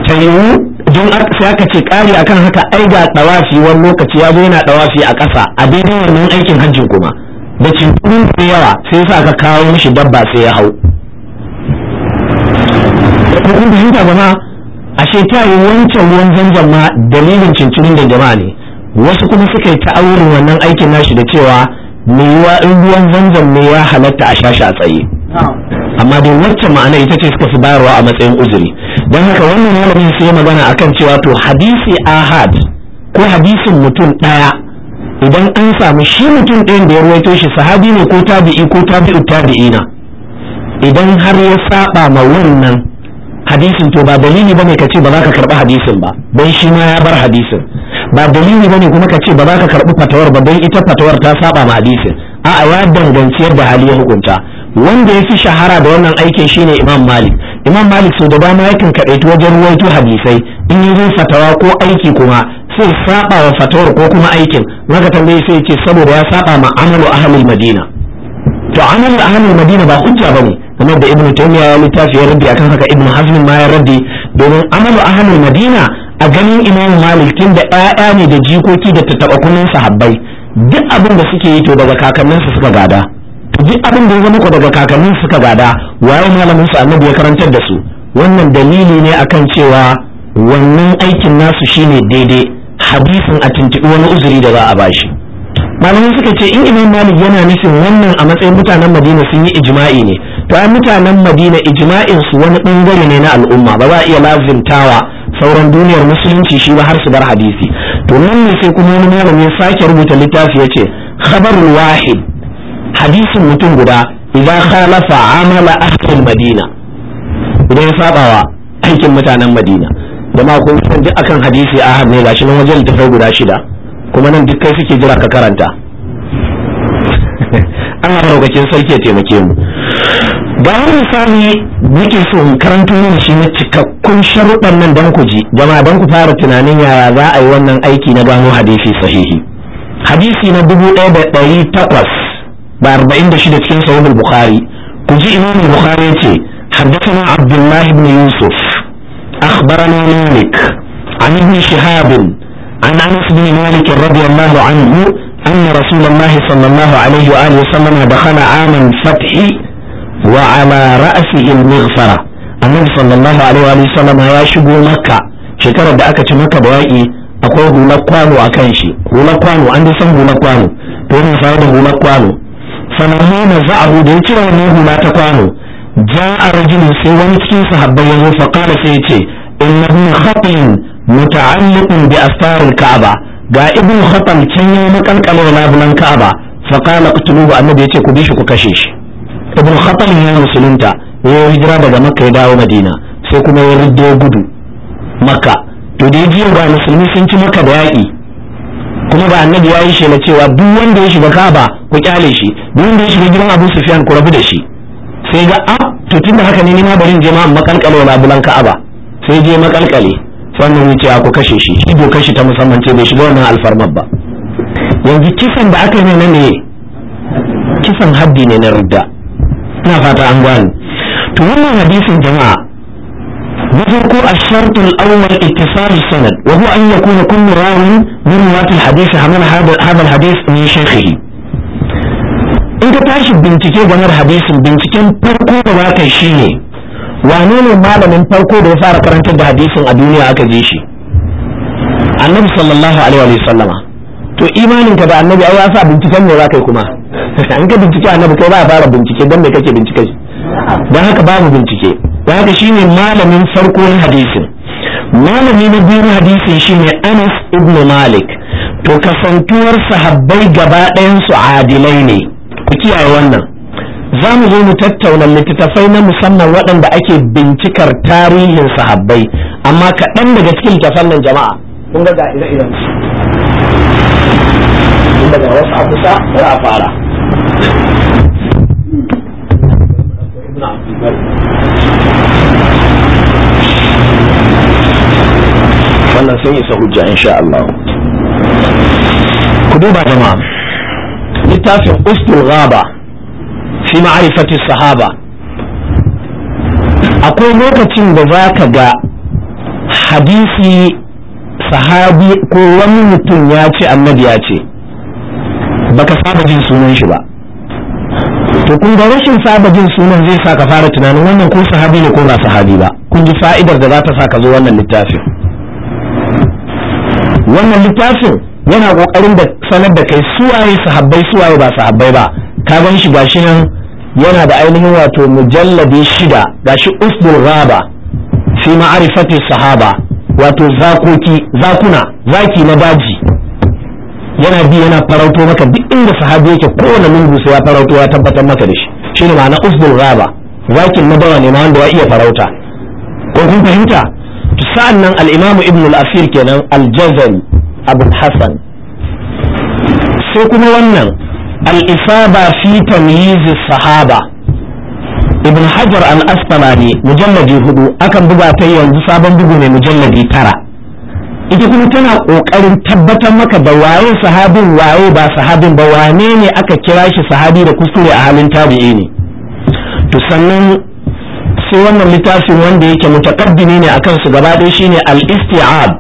ta yiwu don sai aka ce ƙari akan haka ai ga ɗawafi wani lokaci ya zo yana ɗawafi a ƙasa a daidai wannan aikin hajjin kuma da cincirin da yawa sai sa aka kawo mishi dabba sai ya hau ashe ta yi wancan ruwan zanzan ma dalilin cincirin da jama'a ne wasu kuma suka yi ta'awurin wannan aikin nashi da cewa me yiwa in ruwan zanzan ne ya halatta a shashi a tsaye amma dai wacce ma'ana ita ce suka fi bayarwa a matsayin uzuri don haka wannan malamin sai ya magana akan cewa to hadisi ahad ko hadisin mutum ɗaya idan an samu shi mutum ɗayan da ya ruwaito shi sahabi ne ko tabi'i ko tabi'u tabi'ina idan har ya saba ma wannan hadisin to ba dalili bane ka ce ba za ka karɓi hadisin ba don shi ma ya bar hadisin ba dalili bane kuma ka ce ba za ka karbi fatawar ba don ita fatawar ta saba ma hadisin a'a ya danganci yadda hali ya hukunta wanda ya fi shahara da wannan aikin shine imam malik imam malik sau da dama yakan kaɗaitu wajen ruwaito hadisai in yi fatawa ko aiki kuma sai saba wa fatawar ko kuma aikin maka tambaye sai ce saboda ya saba ma amalu ahlul madina to amalu ahlul madina ba hujja bane kamar da ibnu taymiya ya littafi ya rabbi akan haka ibnu hazm ma ya rabbi domin amalu ahlul madina a ganin imamu malik tun da ƴaƴa ne da jikoki da tattabakunan sahabbai duk abin da suke yi to daga kakanninsu suka gada duk abin da ya zama ko daga kakannin suka gada waye malamin su annabi ya karantar da su wannan dalili ne akan cewa wannan aikin nasu shine daidai hadisin a tuntuɓi wani uzuri da za a bashi malamai suka ce in imam malik yana nufin wannan a matsayin mutanen madina sun yi ijma'i ne to ai mutanen madina ijma'in su wani bangare ne na al'umma ba za a iya lazimtawa sauran duniyar musulunci shi ba har su bar hadisi to nan ne sai kuma wani malami sake rubuta littafi ya ce khabarul wahid hadisin mutum guda idan khalafa amala ahlul madina idan ya sabawa aikin mutanen madina jama'a kun san duk akan hadisi ahad ne gashi nan wajen littafai guda shida kuma nan duk kai suke jira ka karanta An haɗa lokacin sarki ya taimake mu ba wani misali nake so in karanta mu shi na cikakkun sharuɗan nan dan ku ji jama dan ku fara tunanin yaya za a yi wannan aiki na gano hadisi sahihi hadisi na dubu ɗaya da ɗari takwas ba arba'in da shida cikin sahihul bukhari ku ji imam bukhari ya ce حدثنا عبد الله بن يوسف أخبرنا مالك عن ابن شهاب عن أنس بن مالك رضي الله عنه أن رسول الله صلى الله عليه وآله وسلم دخل عام الفتح وعلى رأسه المغفرة النبي صلى الله عليه وآله وسلم يشبه مكة شكرا بأكة مكة بوائي akwai hular kwano a kan shi hular kwano an san hular kwano to yana sayar da hular kwano sanahu na za'ahu da ya cire wannan hula ta kwano ja'a rajulun sai wani cikin sahabbai ya zo fa qala sai ya ce innahu khatin متعلق bi الكعبة ka'aba ga خطم كان can ya makalkalar labulan ka'aba fa qala qtuluhu annabi yace ku bi shi ku kashe shi ibn khatam ya musulunta ya hijira daga makka ya dawo madina sai kuma ya riddo gudu makka ci makka da kuma ba annabi ya yi shela cewa duk wanda ya shiga ka'aba ku kyale shi duk wanda ya shiga gidan abu sufyan ku rabu da shi sai ga a to tunda haka ne ni ma bari in je ma na labulan ka'aba sai je makalkale sannan ya ce a ah, ku kashe shi shi dokar shi ta musamman ce bai shiga wannan alfarmar ba yanzu kisan da aka yi na ne kisan haddi ne na rudda ina fata an gwani to wannan hadisin jama'a na farko a shartul awwal ittisal sanad wa huwa an yakuna kullu rawin min riwayat hadisi hamal hadal hadis min shaykhihi in ka tashi bincike game da hadisin binciken farko da ba kai ne. wane ne malamin farko da ya fara karantar da hadisin a duniya aka je shi annabi sallallahu alaihi wa sallama to imanin ka da annabi ai ya sa binciken ne za kai kuma an ka bincike annabi kai ba ya fara bincike dan me kake bincike dan haka babu bincike dan haka shine malamin farko na hadisin malami na biyu na hadisin shine Anas ibn Malik to kasantuwar sahabbai gaba ɗayan su adilai ne ku kiyaye wannan za mu zo mu tattauna littattafai na musamman waɗanda ake bincikar tarihin sahabbai amma kaɗan daga cikin littattafan nan jama'a kun ga ire-iren su daga wasu a kusa bari a fara wannan sun isa hujja insha Allah ku duba jama'a littafin ustul ghaba fi ma'arifati sahaba akwai lokacin da za ka ga hadisi sahabi ko wani mutum ya ce annabi ya ce baka saba jin sunan shi ba to kun ga rashin saba jin sunan zai sa ka fara tunanin wannan ko sahabi ne ko ba sahabi ba kun ji fa'idar da za ta sa ka zo wannan littafin wannan littafin yana kokarin da sanar da kai suwaye sahabbai suwaye ba sahabbai ba ka ban shi gashi nan yana da ainihin wato mujalladi shida gashi usbul raba fi ma'arifati sahaba wato zakoki zakuna zaki na daji yana bi yana farauto maka duk inda sahabi yake kowane lungu sai ya farauto ya tabbatar maka da shi shine ma'ana usbul raba zakin na bawa ne ma wanda ya iya farauta ko kun fahimta to sa'an nan al-imam ibn al-asir kenan al-jazari abul hasan sai kuma wannan al-isaba fi tamyiz sahaba ibn hajar al-asqalani mujalladi hudu akan buga ta yanzu sabon bugu mai mujalladi tara ita tana ƙoƙarin tabbatar maka da wayo sahabin wayo ba sahabin ba wane ne aka kira shi sahabi da kuskure a halin tabi'i ne to sannan sai wannan littafin wanda yake mutaqaddimi ne akan su gaba ɗaya shine al-isti'ab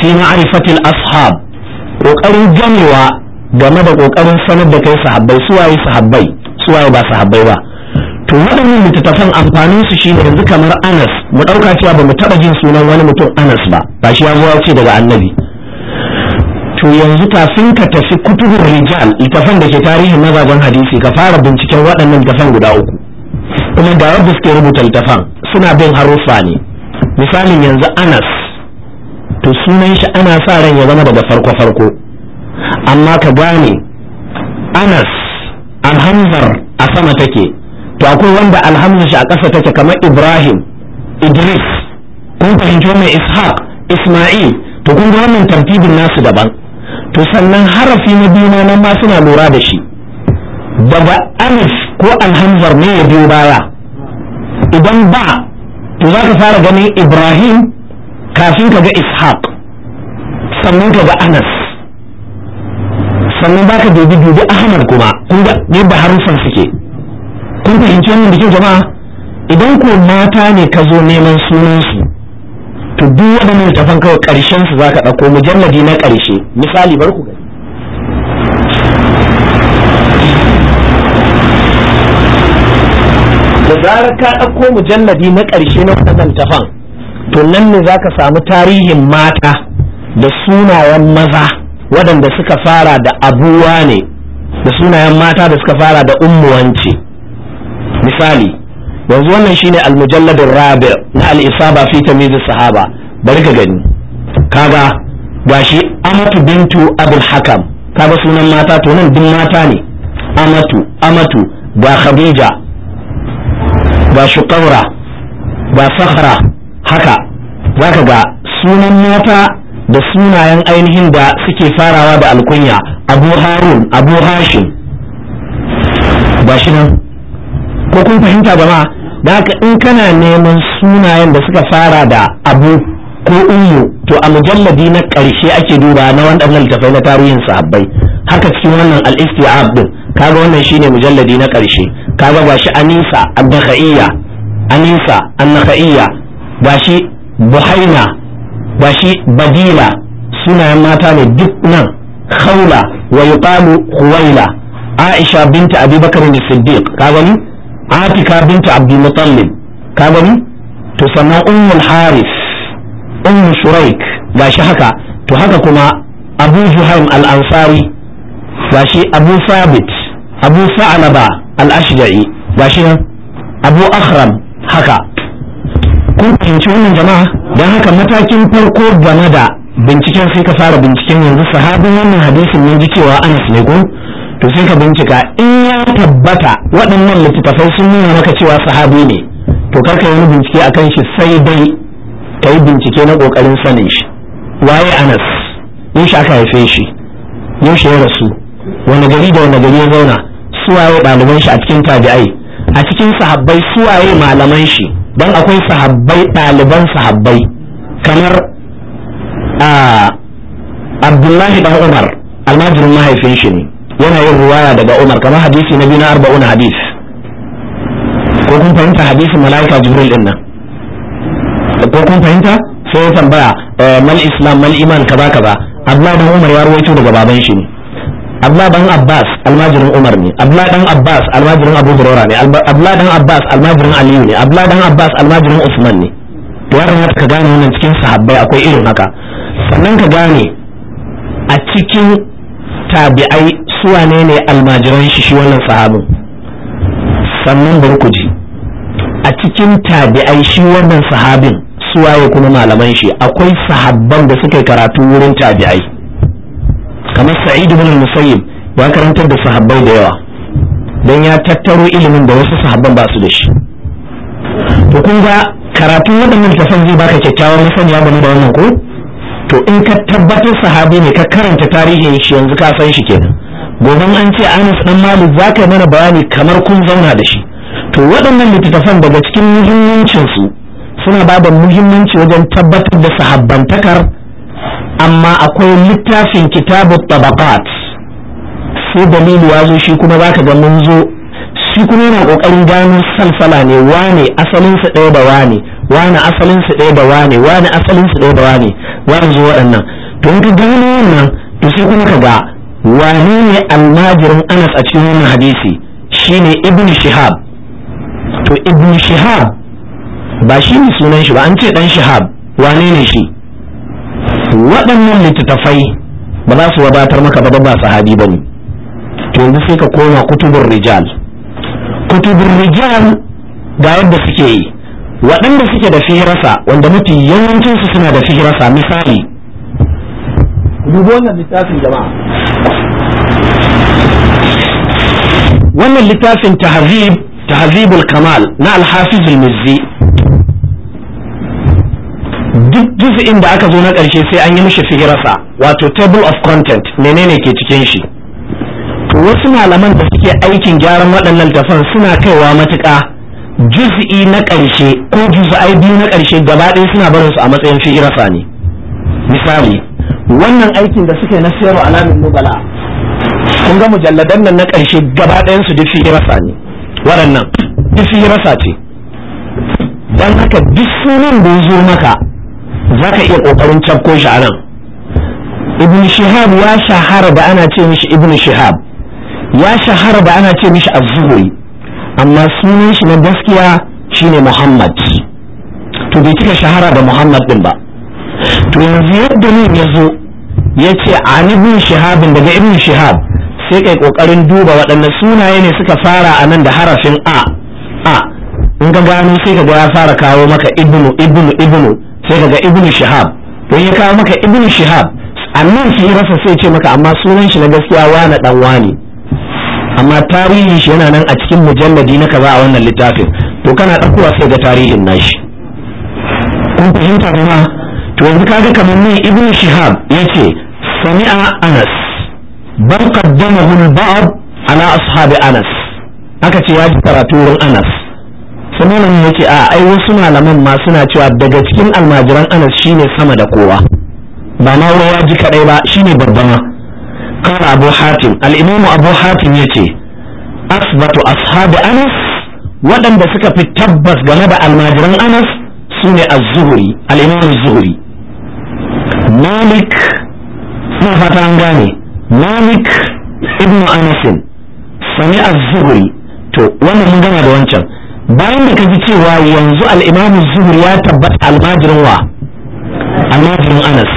fi ma'rifatil ashab Ƙoƙarin gamewa game da kokarin sanar da kai sahabbai suwaye sahabbai suwaye ba sahabbai ba to waɗannan littattafan amfanin su shine yanzu kamar Anas mu dauka cewa ba mu taba jin sunan wani mutum Anas ba ba shi ya zo ce daga Annabi to yanzu kafin ka tafi kutubul rijal littafan da ke tarihin mazajen hadisi ka fara binciken waɗannan littafan guda uku kuma da wanda suke rubuta littafan suna bin haruffa ne misalin yanzu Anas to sunan shi ana sa ran ya zama daga farko farko amma ka gane anas alhamzar a sama take to akwai wanda alhamzar shi a ƙasa take kamar ibrahim idris kun fahimci mai ishaq isma'il to kun ga wannan tartibin nasu daban to sannan harafi na biyu nan ma suna lura da shi daga alif ko alhamzar ne ya biyo baya idan ba to za ka fara ganin ibrahim kafin ka ga ishaq sannan ka ga anas sannan baka dubi dubi ahmad kuma kun ga yadda harufan suke kun fahimci wannan bikin jama'a idan ko mata ne ka zo neman sunan su to duk waɗannan tafan kawai ƙarshen su zaka ɗauko mujalladi na ƙarshe misali bar ku gani da zarar ka ɗauko mujalladi na ƙarshe na waɗannan tafan to nan ne za ka samu tarihin mata da sunayen maza waɗanda suka fara da abuwa ne da sunayen mata da suka fara da ummuwanci misali yanzu wannan shine almujalladin rabi na al'isaba fi tamizis sahaba bari ka gani kaga gashi amatu bintu abul hakam kaga sunan mata to nan duk mata ne amatu amatu ga khadija ga shuqaura ga sahra haka zaka ga sunan mata da sunayen ainihin da suke farawa da alkunya abu harun abu hashim ba shi nan ko kun fahimta jama'a da haka in kana neman sunayen da suka fara da abu ko ummu to a mujalladi na ƙarshe ake duba na waɗannan littafai na tarihin sahabbai haka cikin wannan al-istiab din kaga wannan shine mujalladi na ƙarshe kaga ba shi anisa an-nakhaiya anisa an-nakhaiya ba shi buhaina bashi badila sunayen mata ne duk nan khawla wa yuqalu khuwaila aisha binta abubakar ne siddiq ka gani atika binta abdul mutallib ka gani to sannan ummul haris ummu shuraik gashi haka to haka kuma abu juhaim al-ansari gashi abu sabit abu sa'alaba al-ashja'i gashi abu akhram haka kun fahimci wannan jama'a don haka matakin farko game da binciken sai ka fara binciken yanzu sahabin wannan hadisin ne ji cewa anas ne ku? to sai ka bincika in ya tabbata waɗannan littattafai sun nuna maka cewa sahabi ne to karka yi bincike a kan shi sai dai ka yi bincike na ƙoƙarin sanin shi waye anas yin shi aka haife shi yin shi ya rasu wani gari da wani gari ya zauna suwaye ɗaliban shi a cikin tabi'ai a cikin sahabbai suwaye malaman shi don akwai sahabbai ɗaliban sahabbai kamar abdullahi ɗan umar almajirin mahaifin shi ne yana yin ruwaya daga umar kamar hadisi na biyu na arba'un hadis ko kun fahimta hadisin malaika jibril din nan ko kun fahimta sai ya tambaya eh, mal islam mal iman kaza kaza abdullahi ɗan umar ya ruwaito daga baban shi ne abla dan abbas almajirin umar ne abla dan abbas almajirin abu durora ne abla dan abbas almajirin aliyu ne abla dan abbas almajirin usman ne to ya ka gane wannan cikin sahabbai akwai irin haka sannan ka gane a cikin tabi'ai su wane ne almajiran shi shi wannan sahabin sannan bari ku ji a cikin tabi'ai shi wannan sahabin su waye kuma malaman shi akwai sahabban da suka karatu wurin tabi'ai kamar sa'id ibn al-musayyib ya karantar da sahabbai da yawa dan ya tattaro ilimin da wasu sahabban ba su da shi to kun ga karatun wadannan tafan zai baka kyakkyawar masaniya game da wannan ko to in ka tabbatar sahabi ne ka karanta tarihin shi yanzu ka san shi kenan gobe an ce Anas dan Malik zaka ka mana bayani kamar kun zauna da shi to waɗannan littattafan daga cikin muhimmancin su suna ba da muhimmanci wajen tabbatar da sahabbantakar amma akwai littafin kitabu tabaqat sai dalilu ya zo shi kuma zaka ga mun zo shi kuma yana kokarin gano salsala ne wane asalin su ɗaya da wane wane asalin su ɗaya da wane wane asalin su ɗaya da wane wane zo waɗannan to in ka gano wannan to sai kuma ka ga wane ne almajirin Anas a cikin wannan hadisi shine Ibn Shihab to Ibn Shihab ba shi ne sunan shi ba an ce dan Shihab wane ne shi to waɗannan littattafai ba za su wadatar maka ba ba sahabi ba ne to yanzu sai ka koma kutubun rijal kutubun rijal ga yadda suke yi waɗanda suke da firasa wanda mafi yawancinsu suna da firasa misali dubi wannan littafin jama'a wannan littafin tahzib tahzibul kamal na alhafiz al duk juz'in da aka zo na ƙarshe sai an yi mishi figirasa wato table of content menene ke cikin shi to wasu malaman da suke aikin gyaran waɗannan tafan suna kaiwa matuƙa juz'i na ƙarshe ko juz'ai biyu na ƙarshe gaba ɗaya suna barin su a matsayin figirasa ne misali wannan aikin da suke na sayarwa alamin nubala kun ga mujalladan nan na ƙarshe gaba ɗayan su duk figirasa ne waɗannan duk figirasa ce dan haka duk sunan da ya zo maka za ka iya ƙoƙarin cafko shi a nan ibn shihab ya shahara da ana ce mishi ibn shihab ya shahara da ana ce mishi azzuhuri amma sunan shi na gaskiya shine muhammad to bai cika shahara da muhammad din ba to yanzu yadda ne ya zo ya ce an ibn shihab daga ibn shihab sai kai kokarin duba waɗannan sunaye ne suka fara a nan da harafin a a in ka gano sai ka ga ya fara kawo maka ibnu ibnu ibnu sai daga ibnu shihab don ya kawo maka ibnu shihab annan shi rasa sai ce maka amma sunan shi na gaskiya wani dan wani amma tarihin shi yana nan a cikin mujalladi na kaza a wannan littafin to kana ɗaukowa sai ga tarihin nashi kun fahimta kuma to yanzu kaga kamar min ibnu shihab yace sami'a anas ban qaddamahu al-ba'd ala ashabi anas aka ce ya ji karatu wurin anas malamin ya ce a ai wasu malaman ma suna cewa daga cikin almajiran anas shine sama da kowa ba ma wani waji kadai ba shine babbama kala abu hatim al'imamu abu hatim ya ce asbatu ashabi anas waɗanda suka fi tabbas game da almajiran anas su ne az-zuhri al'imamu zuhri malik na fata an gane malik ibnu anasin sami az-zuhri to wannan mun gana da wancan bayan da ka ji cewa yanzu al'imamu zuhur ya tabbata almajirin wa almajirin anas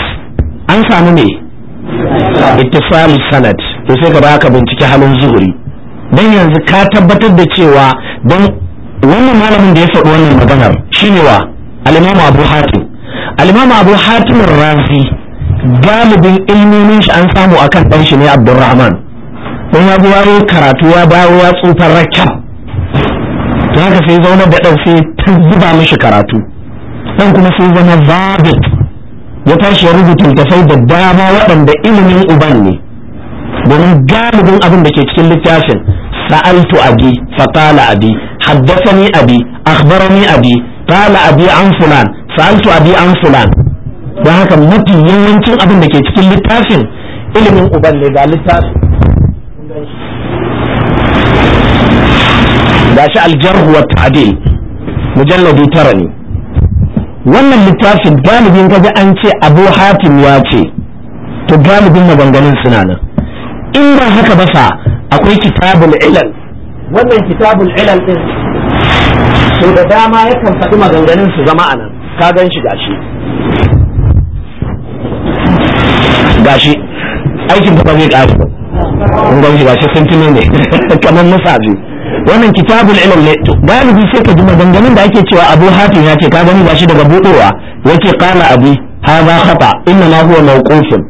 an samu ne ittisalus sanad to sai ka baka bincike halin zuhuri dan yanzu ka tabbatar da cewa dan wannan malamin da ya faɗi wannan maganar shine wa al'imamu abu hatim al'imamu abu hatim razi galibin ilmomin shi an samu akan dan shi ne abdurrahman dan ya karatu ya bayo ya tsufar rakab to haka sai zauna da ɗan sai ta zuba mishi karatu ɗan kuma sai zama zabit ya tashi ya rubuta littafai da dama waɗanda ilimin uban ne domin galibin abin da ke cikin littafin sa'altu abi fatala abi haddathani abi akhbarani abi qala abi an fulan sa'altu abi an fulan don haka mafi yawancin abin da ke cikin littafin ilimin uban ne ga littafin gashi aljarhu wa ta'dil mujalladi tara ne wannan littafin galibin kaga an ce abu hatim ya ce to galibin maganganun suna nan in ba haka ba fa akwai kitabul ilal wannan kitabul ilal din to da dama yakan faɗi maganganun su zama anan ka gan shi gashi gashi aikin ba zai ƙafi kun gan shi gashi sentiment ne kamar musaji wannan kitabul ilm ne to galibi sai ka ji maganganun da ake cewa abu hatim ya ce ka gani gashi daga budowa yake kana abu hadha khata inna ma huwa mawqufun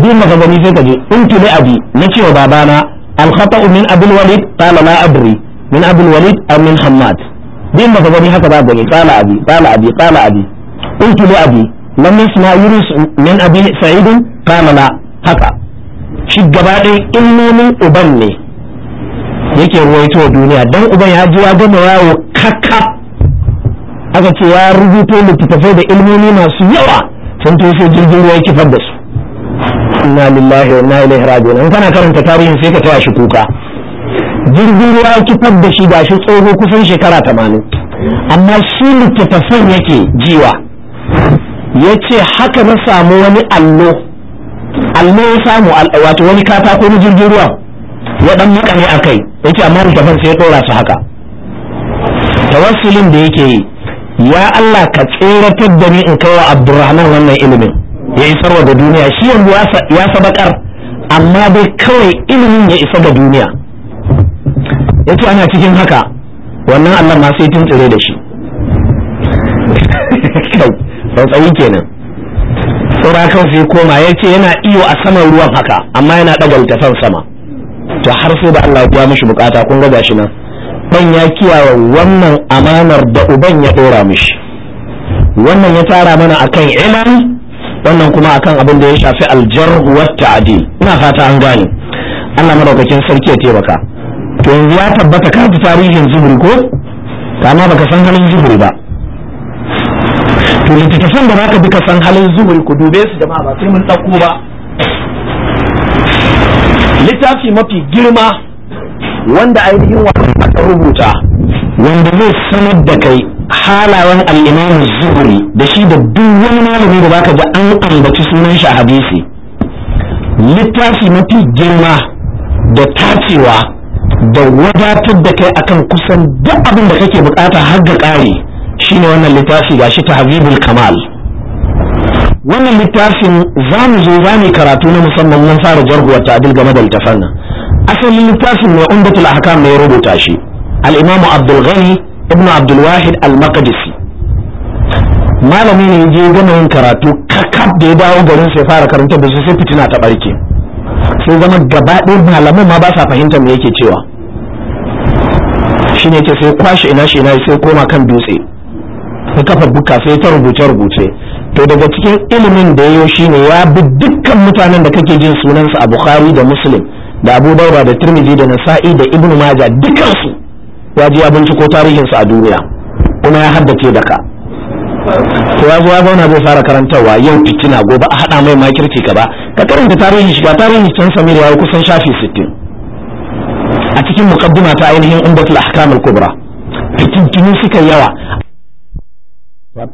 duk maganganu sai ka ji kuntu li abi na cewa babana al khata min abul walid qala la adri min abul walid am min hammad duk maganganu haka ba gani qala abi qala abi qala abi kuntu li abi lam yasma yunus min abi sa'id qala la haka shi gaba ɗaya ilmomin uban ne yake ruwaito duniya dan uban ya ji ya gama yawo kakka aka ce ya rubuto littattafai da ilmomi masu yawa sun toshe jirgin ruwa kifar da su inna lillahi wa inna ilaihi raji'un in kana karanta tarihin sai ka taya shi kuka jirgin ruwa kifar da shi gashi tsoho kusan shekara tamanin amma su littattafan yake jiwa ya ce haka na samu wani allo allo ya samu wato wani katako na jirgin ruwa ya dan makame a kai yace amma mutafan sai dora su haka tawassulin da yake yi ya Allah ka tseratar da ni in kawo wa Abdurrahman wannan ilimin ya isar wa da duniya shi yanzu ya sabakar amma dai kawai ilimin ya isa ga duniya yace ana cikin haka wannan Allah ma sai tuntsire da shi tsautsayi kenan saura sai koma yace yana iyo a saman ruwan haka amma yana daga littafin sama to har sai da Allah ya mishi bukata kun ga gashi nan ban ya kiyaye wannan amanar da uban ya dora mishi wannan ya tara mana akan ilmi wannan kuma akan abin da ya shafi aljarh wa ta'dil ina fata an gane Allah madaukakin sarki ya taimaka to yanzu ya tabbata ka tarihin zuhuri ko kana baka san halin zuhuri ba to littattafan da zaka bi ka san halin zuhuri ku dube su jama'a ba sai mun dauko ba littafi mafi girma wanda ainihin wato rubuta wanda zai sanar da kai halayen al'imam zuhuri da shi da duk wani malami da baka ji an ambaci sunan shi a hadisi littafi mafi girma da tacewa da wadatar da kai akan kusan duk abin da kake bukata har ga ƙari shine wannan littafi gashi habibul kamal wannan littafin za mu zo za mu karatu na musamman mun fara jarhu wa ta'dil game da littafin asalin littafin ne umdatul ahkam ne ya rubuta shi al-imamu abdul ghani ibn abdul wahid al-maqdisi malami ne je gama yin karatu kakab da ya dawo garin sai fara karanta da sai fitina ta barke sai zama gaba ɗaya malaman ma ba sa fahimtar me yake cewa shine yake sai kwashe ina shi ina sai koma kan dutse ya kafa buka sai ta rubuce rubuce to daga cikin ilimin da yayo shine ya bi dukkan mutanen da kake jin sunansa a bukhari da muslim da abu Dawud da tirmidhi da nasa'i da ibnu dukkan su? ya je ya binciko tarihinsu a duniya kuma ya haddace da ka to ya zo ya zauna zai fara karantarwa yau fitina gobe a haɗa mai makirci ba? ka karanta tarihin shiga tarihin can samir ya kusan shafi sittin a cikin mukaddima ta ainihin umbatul ahkamul kubra fitintunu suka yawa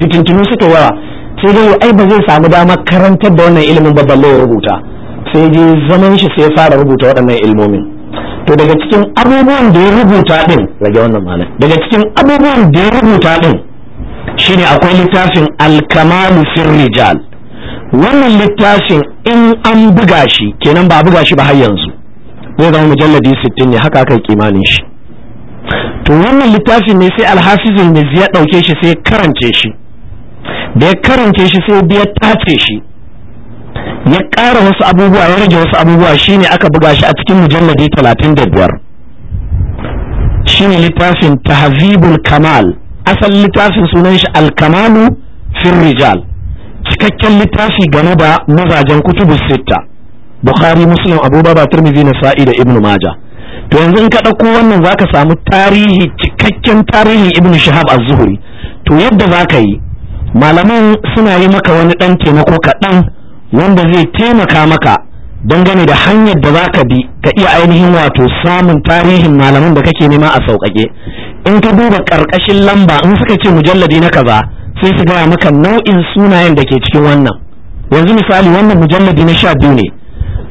fitintunu suka yawa sai dai ai ba zai samu damar karantar da wannan ilimin ba balle ya rubuta sai je zaman shi sai ya fara rubuta waɗannan ilmomin to daga cikin abubuwan da ya rubuta din rage wannan malam daga cikin abubuwan da ya rubuta din shine akwai littafin alkamalu fil rijal wannan littafin in an buga shi kenan ba buga shi ba har yanzu zai zama mujalladi 60 ne haka kai kimanin shi to wannan littafi ne sai Alhafizu ne ya ɗauke shi sai karance shi da ya karance shi sai biya tace shi ya ƙara wasu abubuwa ya rage wasu abubuwa shine aka buga shi a cikin mujalladi talatin da biyar shine littafin tahzibul kamal asal littafin sunan shi alkamalu fil rijal cikakken littafi game da mazajen kutubu sitta bukhari muslim abubakar tirmidhi nasa'i da ibnu majah to yanzu in ka ɗauko wannan za ka samu tarihi cikakken tarihin ibn shahab az-zuhri to yadda za ka yi malaman suna yi maka wani ɗan taimako kaɗan wanda zai taimaka maka dangane da hanyar da za ka bi ka iya ainihin wato samun tarihin malaman da kake nema a sauƙaƙe in ka duba ƙarƙashin lamba in suka ce mujalladi na kaza sai su gaya maka nau'in sunayen da ke cikin wannan yanzu misali wannan mujalladi na sha biyu ne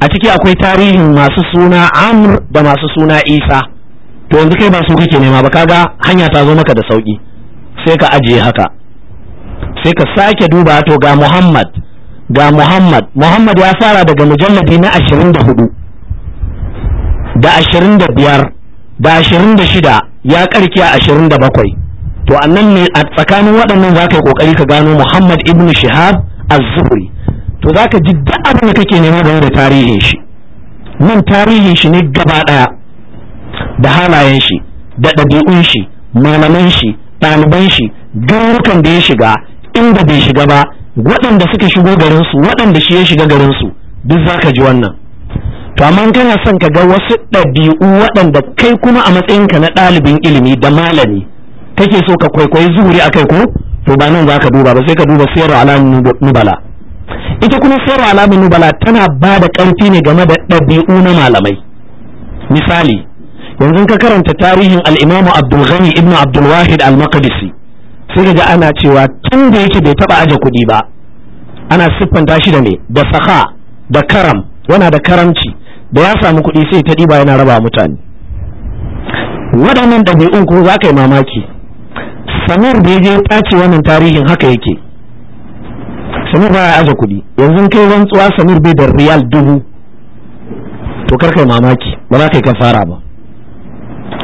a ciki akwai tarihin masu suna amr da masu suna isa to yanzu kai ba su kake nema ba kaga hanya ta zo maka da sauki sai ka ajiye haka sai ka sake duba to ga muhammad ga muhammad muhammad ya fara daga mujalladi na ashirin da hudu da ashirin da biyar da ashirin da shida ya karki a ashirin da bakwai to annan ne a tsakanin waɗannan za ka yi ƙoƙari ka gano muhammad ibn shihab az-zuhri to za ka ji duk abin da kake nema game da tarihin shi nan tarihin shi ne gaba daya da halayen shi da ɗabi'un shi malaman shi ɗaliban shi garurukan da ya shiga inda bai shiga ba waɗanda suka shigo garin su waɗanda shi ya shiga garin su duk za ka ji wannan to amma kana son ka ga wasu ɗabi'u waɗanda kai kuma a matsayinka na ɗalibin ilimi da malami kake so ka kwaikwayi zuri akai ko to ba nan za ka duba ba sai ka duba siyar alamin nubala ita kuma sirra alamun nubala tana ba da ƙarfi ne game da ɗabi'u na malamai misali yanzu ka karanta tarihin al'imamu abdul ghani ibn abdul wahid al-maqdisi sai ga ana cewa tun da yake bai taba aje kuɗi ba ana siffanta shi da ne da saha da karam yana da karamci da ya samu kuɗi sai ta ɗiba yana raba mutane waɗannan ɗabi'un ko za ka yi mamaki samir da ya je tace wannan tarihin haka yake samir ya aje kuɗi yanzu kai rantsuwa samir bai da riyal dubu to kar kai mamaki ba za ka yi fara ba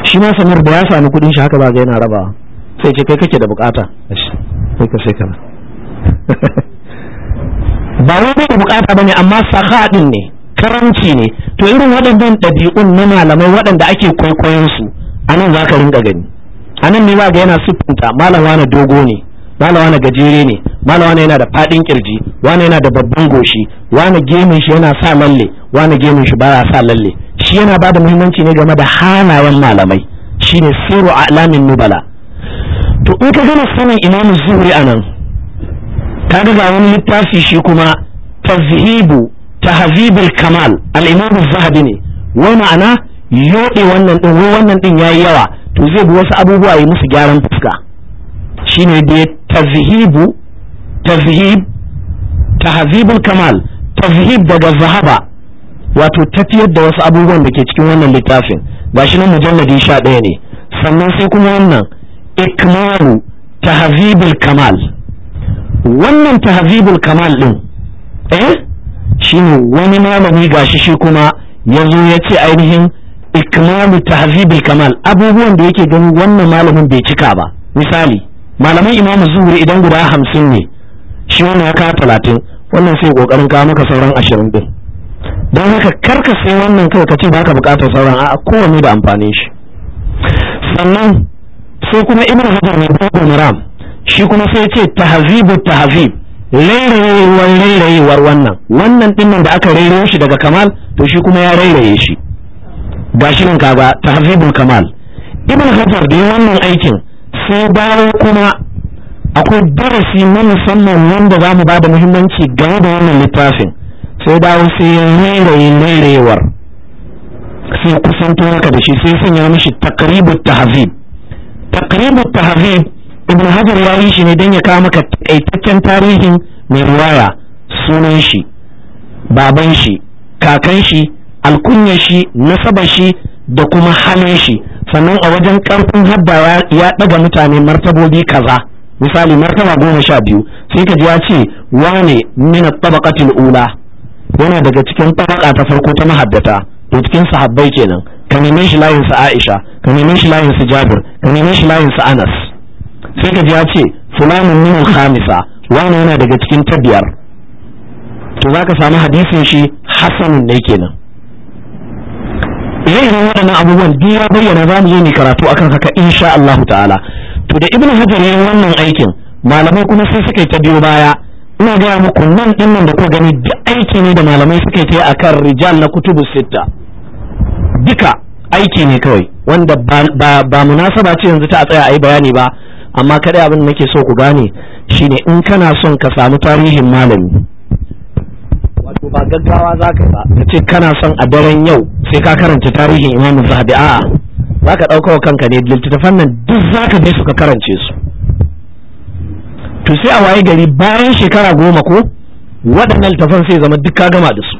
shi ma samir da ya sami kuɗin shi haka ba ga yana rabawa sai ce kai kake da bukata sai ka sai kana ba wai bai da bukata bane amma sahadin ne karanci ne to irin waɗannan ɗabi'un na malamai waɗanda ake kwaikwayon su a nan za ka rinka gani nan ne ba ga yana siffanta malam wani dogo ne malam wani gajere ne malam wani yana da fadin kirji wani yana da babban goshi wani gemin shi yana sa lalle wani gemin shi baya sa lalle shi yana bada muhimmanci ne game da halayen malamai shine siru alamin nubala to in ka gana sanin imam zuhri anan ka ga ga wani littafi shi kuma tazhibu tahzibul kamal al-imam zahabi ne wa ma'ana yoɗe wannan din wai wannan din yayi yawa to zai bi wasu abubuwa yi musu gyaran fuska shine da tazhibu tazhib tahzibul kamal tazhib daga zahaba wato tafiyar da wasu abubuwan da ke cikin wannan littafin gashi nan mujalladi sha ɗaya ne sannan sai kuma wannan ikmaru tahzibul kamal wannan tahzibul kamal din eh shine wani malami gashi shi kuma yazo ya ce ainihin ikmalu tahzibul kamal abubuwan da yake ganin wannan malamin bai cika ba misali malaman imamu zuhuri idan guda hamsin ne shi wannan ya kawo talatin wannan sai kokarin kawo maka sauran ashirin din don haka karka sai wannan kawai ka ce ba ka bukatar sauran a kowane da amfani shi sannan sai kuma ibn hajar mai babu ram shi kuma sai ce ta hazib rairayewar rairayewar wannan wannan dinnan da aka rairaye shi daga kamal to shi kuma ya rairaye shi ba shi nan kaga hazibun kamal ibn hajar da wannan aikin sai bayan kuma akwai darasi na musamman wanda za mu ba da muhimmanci game da wannan littafin sai dawo sai ya rairaye rairayewar sai kusanto haka da shi sai sanya mishi takribu tahzib takribu tahzib ibn hajar ya yi shi ne don ya kawo maka takaitaccen tarihin mai ruwaya sunan shi baban shi kakan shi alkunyar shi nasabar shi da kuma halin shi sannan a wajen karfin haddawa ya ɗaga mutane martabobi kaza misali martaba goma sha biyu sai ka ji ya ce wane min tabaqatil ula yana daga cikin tabaka ta farko ta mahaddata to cikin sahabbai kenan ka neman shi layin sa Aisha ka neman shi layin sa Jabir ka neman shi layin sa Anas sai ka ji ya ce fulanun min khamisa wane yana daga cikin ta biyar to zaka samu hadisin shi hasanun ne kenan yi waɗannan abubuwan duk ya bayyana za mu yi ne karatu akan haka insha allahu ta'ala to da ibnu hajar yayin wannan aikin malamai kuma sai suka yi ta biyo baya ina gaya muku nan din nan da ku gani duk aiki ne da malamai suka yi a kan rijal na kutubu sitta duka aiki ne kawai wanda ba ba, ba munasaba ce yanzu ta a tsaya a yi bayani ba amma kada abin da nake so ku gane shine in kana son ka samu tarihin malami wato ba gaggawa za ka ba ka kana son a daren yau sai ka karanta tarihin imamu zahabi a'a za ka ɗaukawa kanka ne littattafan nan duk za ka bai su ka karance su to sai a waye gari bayan shekara goma ko waɗannan littattafan sai zama duk ka gama da su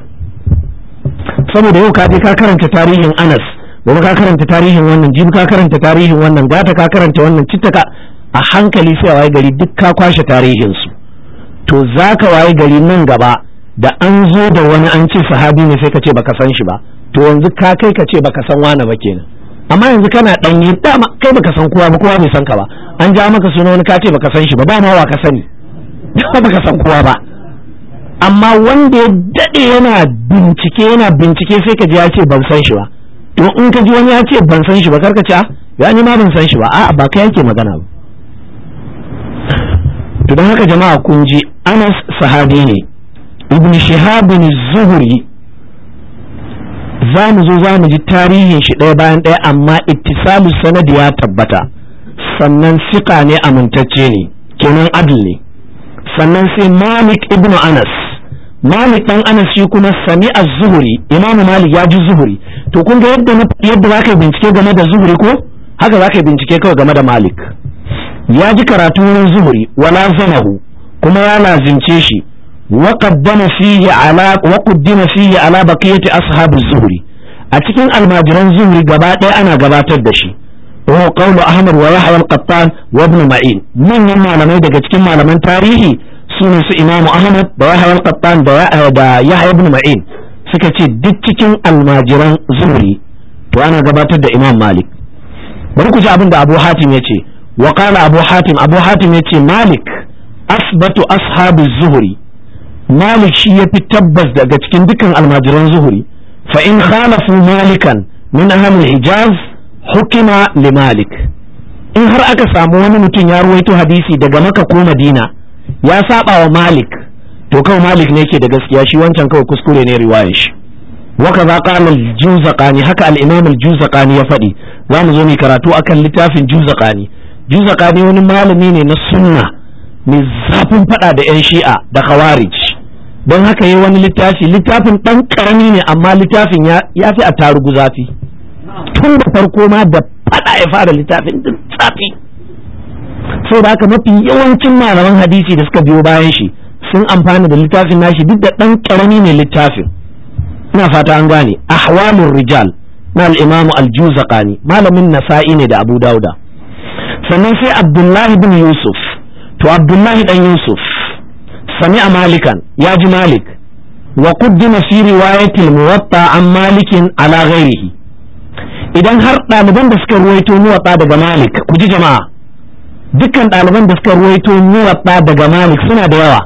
saboda yau ka je ka karanta tarihin anas gobe ka karanta tarihin wannan jim ka karanta tarihin wannan gata ka karanta wannan citta a hankali sai a waye gari duk ka kwashe tarihin su to za ka waye gari nan gaba da an zo da wani an ce sahabi ne sai ka ce baka san shi ba to yanzu ka kai ka ce baka san wane ba kenan amma yanzu kana ɗanye dama kai baka san kowa ba kowa bai san ka ba an ja maka suna wani kace baka san shi ba ba ma wa ka sani baka san kowa ba amma wanda ya dade yana bincike yana bincike sai ka ji ya ce ban san shi ba to in ka ji wani ya ce ban san shi ba kar ka ce ah, ya ni ma ban san shi ba a'a ba kai yake magana ba to don haka jama'a kun ji Anas sahabi ne Ibn Shihab bin Zuhri za mu zo za mu ji tarihin shi ɗaya bayan ɗaya amma ittisalu sanadi ya tabbata sannan sika ne amintacce ne kenan adil ne sannan sai malik ibnu anas malik dan anas shi kuma sami a zuhuri imam malik ya ji zuhuri to kun ga yadda yadda yi bincike game da zuhuri ko haka zaka bincike kawai game da malik ya ji karatu wurin zuhuri wala zanahu kuma ya lazimce shi وقدم فيه على وقدم فيه على بقية أصحاب الزهري أتكن المهاجرين زهري قبات أنا قبات الدشي وهو قول أحمد ويحيى القطان وابن معين من من معلمين دقا تكن معلمين تاريخي سنة إمام أحمد ويحيى القطان ويحيى بن معين سكتي دتكن المهاجرين زهري وأنا قبات الد إمام مالك بركز أبن أبو حاتم يتي وقال أبو حاتم أبو حاتم يتي مالك أثبت أصحاب الزهري malik shi ya fi tabbas daga cikin dukkan almajiran zuhuri fa in khalafu malikan min hijaz hukima li malik in har aka samu wani mutum ya ruwaito hadisi daga maka ko madina ya saba wa malik to kawai malik ne ke da gaskiya shi wancan kawai kuskure ne riwayar shi waka za ka al haka al imam al ya faɗi za mu zo mu karatu akan littafin juza juzaqani juzaqani wani malami ne na sunna mai zafin faɗa da yan shi'a da khawarij don haka yi wani littafi littafin ɗan ƙarami ne amma littafin ya fi a tarugu zafi tun da farko ma da faɗa ya fara littafin din zafi sau da haka mafi yawancin malaman hadisi da suka biyo bayan shi sun amfana da littafin nashi duk da ɗan ƙarami ne littafin ina fata an gane ahwalur rijal na Al'imamu imam malamin nasa'i ne da abu dauda sannan sai abdullahi bin yusuf to abdullahi dan yusuf sami'a malikan ya ji malik wa qaddima fi riwayatil muwatta an malikin ala ghairihi idan har ɗaliban da suka ruwaito muwatta daga malik ku ji jama'a dukkan ɗaliban da suka ruwaito muwatta daga malik suna da yawa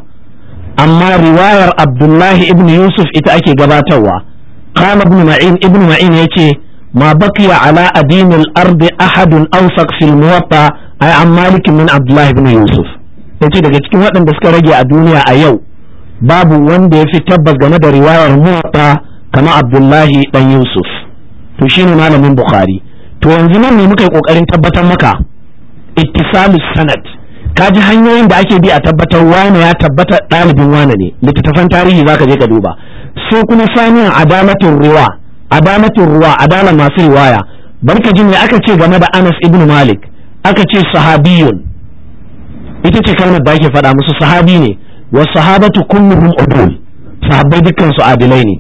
amma riwayar abdullahi ibn yusuf ita ake gabatarwa qala ibn ma'in ibn ma'in ya ما بقي على أدين الأرض أحد أوثق في الموطأ عن مالك من عبد الله بن يوسف ya ce daga cikin waɗanda suka rage a duniya a yau babu wanda ya fi tabbas game da riwayar mota kama abdullahi dan yusuf to shine malamin bukhari to yanzu nan ne muka yi kokarin tabbatar maka ittisalu sanad ka ji hanyoyin da ake bi a tabbatar wane ya tabbata ɗalibin wane ne littattafan tarihi zaka je ka duba sai kuma saniyan adamatin ruwa adamatin ruwa adala masu riwaya barka jini aka ce game da anas ibn malik aka ce sahabiyun ita ce kalmar da ake faɗa musu sahabi ne wa sahabatu kulluhum udul sahabbai dukkan su adilai ne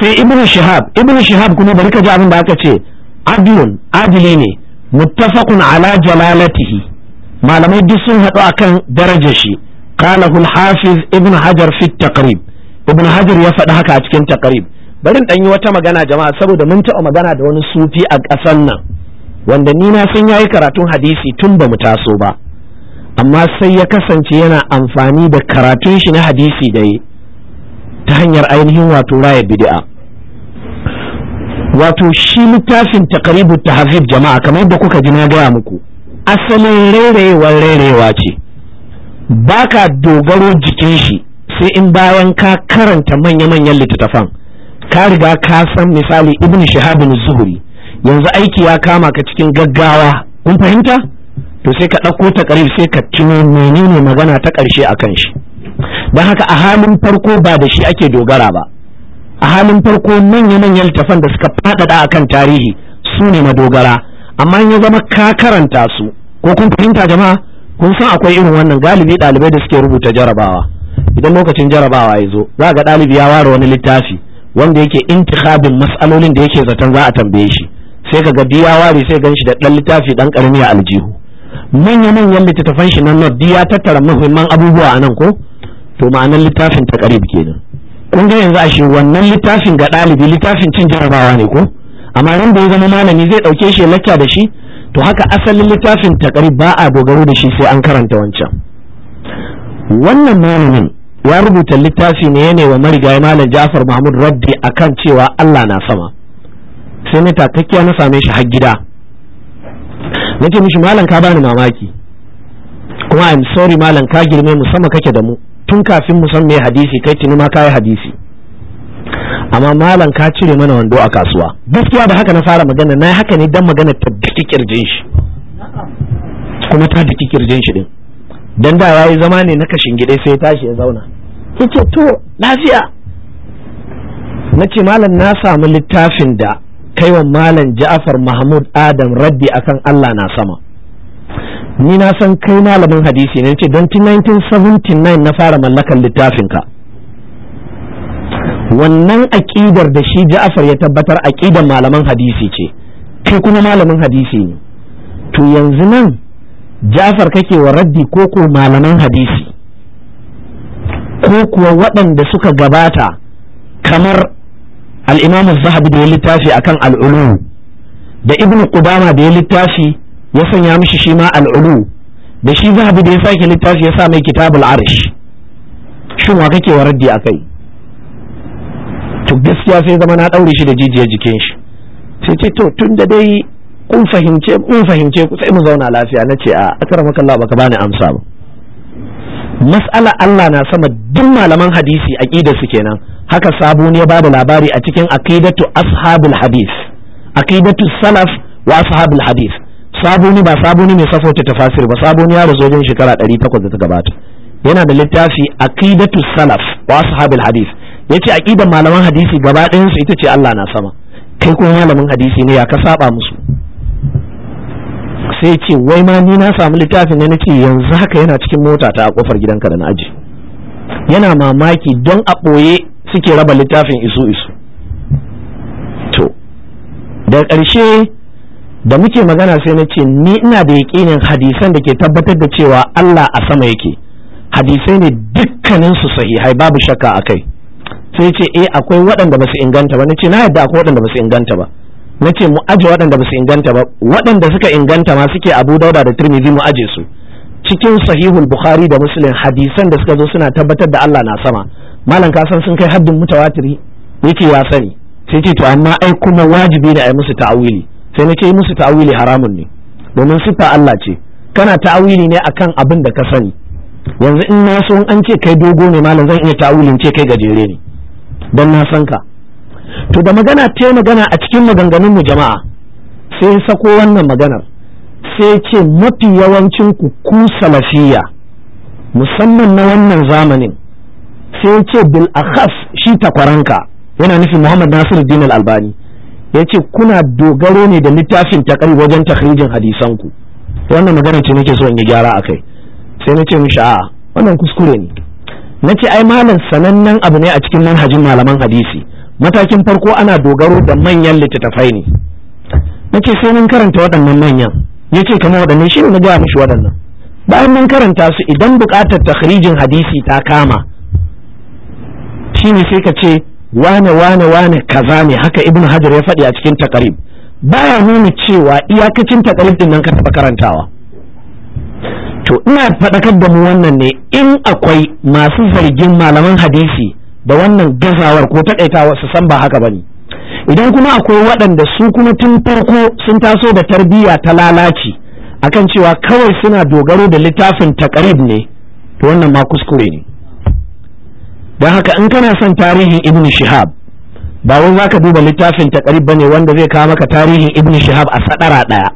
sai ibn shihab ibn shihab kuma bari ka ji abin da aka ce adilun adili ne muttafaqun ala jalalatihi malamai duk sun haɗu akan darajar shi qala al-hafiz ibn hajar fi taqrib ibn hajar ya faɗi haka a cikin taqrib bari in yi wata magana jama'a saboda mun taɓa magana da wani sufi a ƙasar nan wanda ni na san yayi karatun hadisi tun ba mu taso ba amma sai ya kasance yana amfani da karatun shi na hadisi da ta hanyar ainihin wato raya bid'a wato shi littafin ta tahzib jama'a kamar da kuka ji na gaya muku asalin rairayewar rairayewa ce baka dogaro jikin shi sai in bayan ka karanta manya-manyan littattafan ka riga ka san misali ibn shahabin zuhuri yanzu aiki ya kama ka cikin gaggawa kun fahimta to sai ka ɗauko ta ƙarfi sai ka tuno menene magana ta ƙarshe a kan shi don haka a halin farko ba da shi ake dogara ba a halin farko manya-manyan littafan da suka faɗaɗa a kan tarihi su ne na dogara. amma in ya zama ka karanta su ko kun fahimta jama'a kun san akwai irin wannan galibi ɗalibai da suke rubuta jarabawa idan lokacin jarabawa ya zo za ga ɗalibi ya ware wani littafi wanda yake intihabin mas'alolin da yake zaton za a tambaye shi sai ka ga biya ware sai gan shi da ɗan littafi ɗan ƙarami a aljihu manya-manyan littattafan shi na nord ya tattara muhimman abubuwa a nan ko to ma'anar littafin ta karib kenan kun ga yanzu a shi wannan littafin ga ɗalibi littafin cin jarabawa ne ko amma ran da ya zama malami zai ɗauke shi lacca da shi to haka asalin littafin ta karib ba a dogaro da shi sai an karanta wancan wannan malamin ya rubuta littafi ne yana wa marigayi malam Ja'far Mahmud raddi akan cewa Allah na sama sai na takakkiya na same shi har gida nace mishi malam ka bani mamaki kuma i'm sorry malam ka girme mu sama kake da mu tun kafin mu san me hadisi kai tuni ma kai hadisi amma malam ka cire mana wando a kasuwa gaskiya da haka na fara magana na haka ne dan magana ta diki kirjin shi kuma ta diki kirjin shi din dan da yayi zama ne na kashin gida sai tashi ya zauna yace to lafiya na malam na samu littafin da kaiwa malam Jafar mahmud adam raddi akan allah na sama ni na san kai malamin hadisi ne ce don 1979 na fara mallakar littafinka wannan aƙidar da shi Jafar ya tabbatar aƙidar malaman hadisi ce kai kuma malamin hadisi ne to yanzu nan ja'afar kake wa raddi ko ko malaman hadisi ko kuwa waɗanda suka gabata kamar al-imam zahabi da ya littafi akan al da ibn qudama da ya littafi ya sanya mishi shi ma al da shi zahabi da ya sake littafi ya sa mai kitabul arsh shin wa kake waraddi akai to gaskiya sai zama na ɗaure shi da jijiyar jikin shi sai ce to tun da dai kun fahimce kun fahimce ku sai mu zauna lafiya nace a akramaka Allah baka bani amsa ba mas'ala Allah na sama duk malaman hadisi aqidar su kenan haka sabuni ya bada labari a cikin aqidatu ashabul hadis aqidatu salaf wa ashabul hadis sabuni ba sabuni mai safota tafasir ba sabuni ya razo wajen shekara 800 da ta gabata yana da littafi aqidatu salaf wa ashabul hadis yace aqidar malaman hadisi gaba ɗayan su ita ce Allah na sama kai kuma malamin hadisi ne ya ka saba musu sai ce wai ma ni na samu littafin ne nake yanzu haka yana cikin mota ta a kofar gidanka da na aji yana mamaki don a ɓoye suke raba littafin isu isu to da ƙarshe da muke magana sai na ce ni ina da yaƙinin hadisan da ke tabbatar da cewa Allah a sama yake hadisai ne dukkanin sahi sahihai babu shakka a kai sai ce eh akwai waɗanda ba su inganta ba na ce na yadda akwai waɗanda ba su inganta ba na ce mu aje waɗanda ba su inganta ba waɗanda suka inganta ma suke abu dauda da tirmidhi mu aje su cikin sahihul bukhari da muslim hadisan da suka zo suna tabbatar da Allah na sama malam ka san sun kai haddin mutawatiri yake ya sani sai ce to amma ai kuma wajibi ne a yi musu ta'awili sai na ce musu ta'awili haramun ne domin sifa Allah ce kana ta'awili ne akan abin da ka sani yanzu in na so an ce kai dogo ne malam zan iya ta'awilin ce kai gajere ne dan na san ka to da magana ta magana a cikin maganganun mu jama'a sai ya sako wannan maganar sai ya ce mafi yawancin ku ku salafiya musamman na wannan zamanin sai ya ce bil akhas shi takwaranka yana nufin Muhammad Nasir Din albani albani yace kuna dogaro ne da littafin takari wajen tahrijin hadisan ku wannan magana ce nake so in yi gyara a kai. sai nace mishi a'a wannan kuskure ne nace ai malam sanannen abu ne a cikin manhajin malaman hadisi matakin farko ana dogaro da manyan littattafai ne na sai mun karanta waɗannan manyan ya ce kamar waɗannan shi ne na gaya mishi waɗannan bayan mun karanta su idan buƙatar takhrijin hadisi ta kama shi ne sai ka ce wane wane wane kaza ne haka ibnu hajar ya faɗi a cikin takarib baya nuna cewa iyakacin takarib din nan ka taɓa karantawa to ina faɗakar da mu wannan ne in akwai masu zargin malaman hadisi da wannan gazawar ko takaitawar su san ba haka ba ne idan kuma akwai waɗanda su kuma tun farko sun taso da tarbiyya ta lalaci akan cewa kawai suna dogaro da littafin takarib ne to wannan ma kuskure ne don haka in kana son tarihin ibn shihab ba wai zaka duba littafin takarib bane wanda zai kawo maka tarihin ibn shihab a sadara daya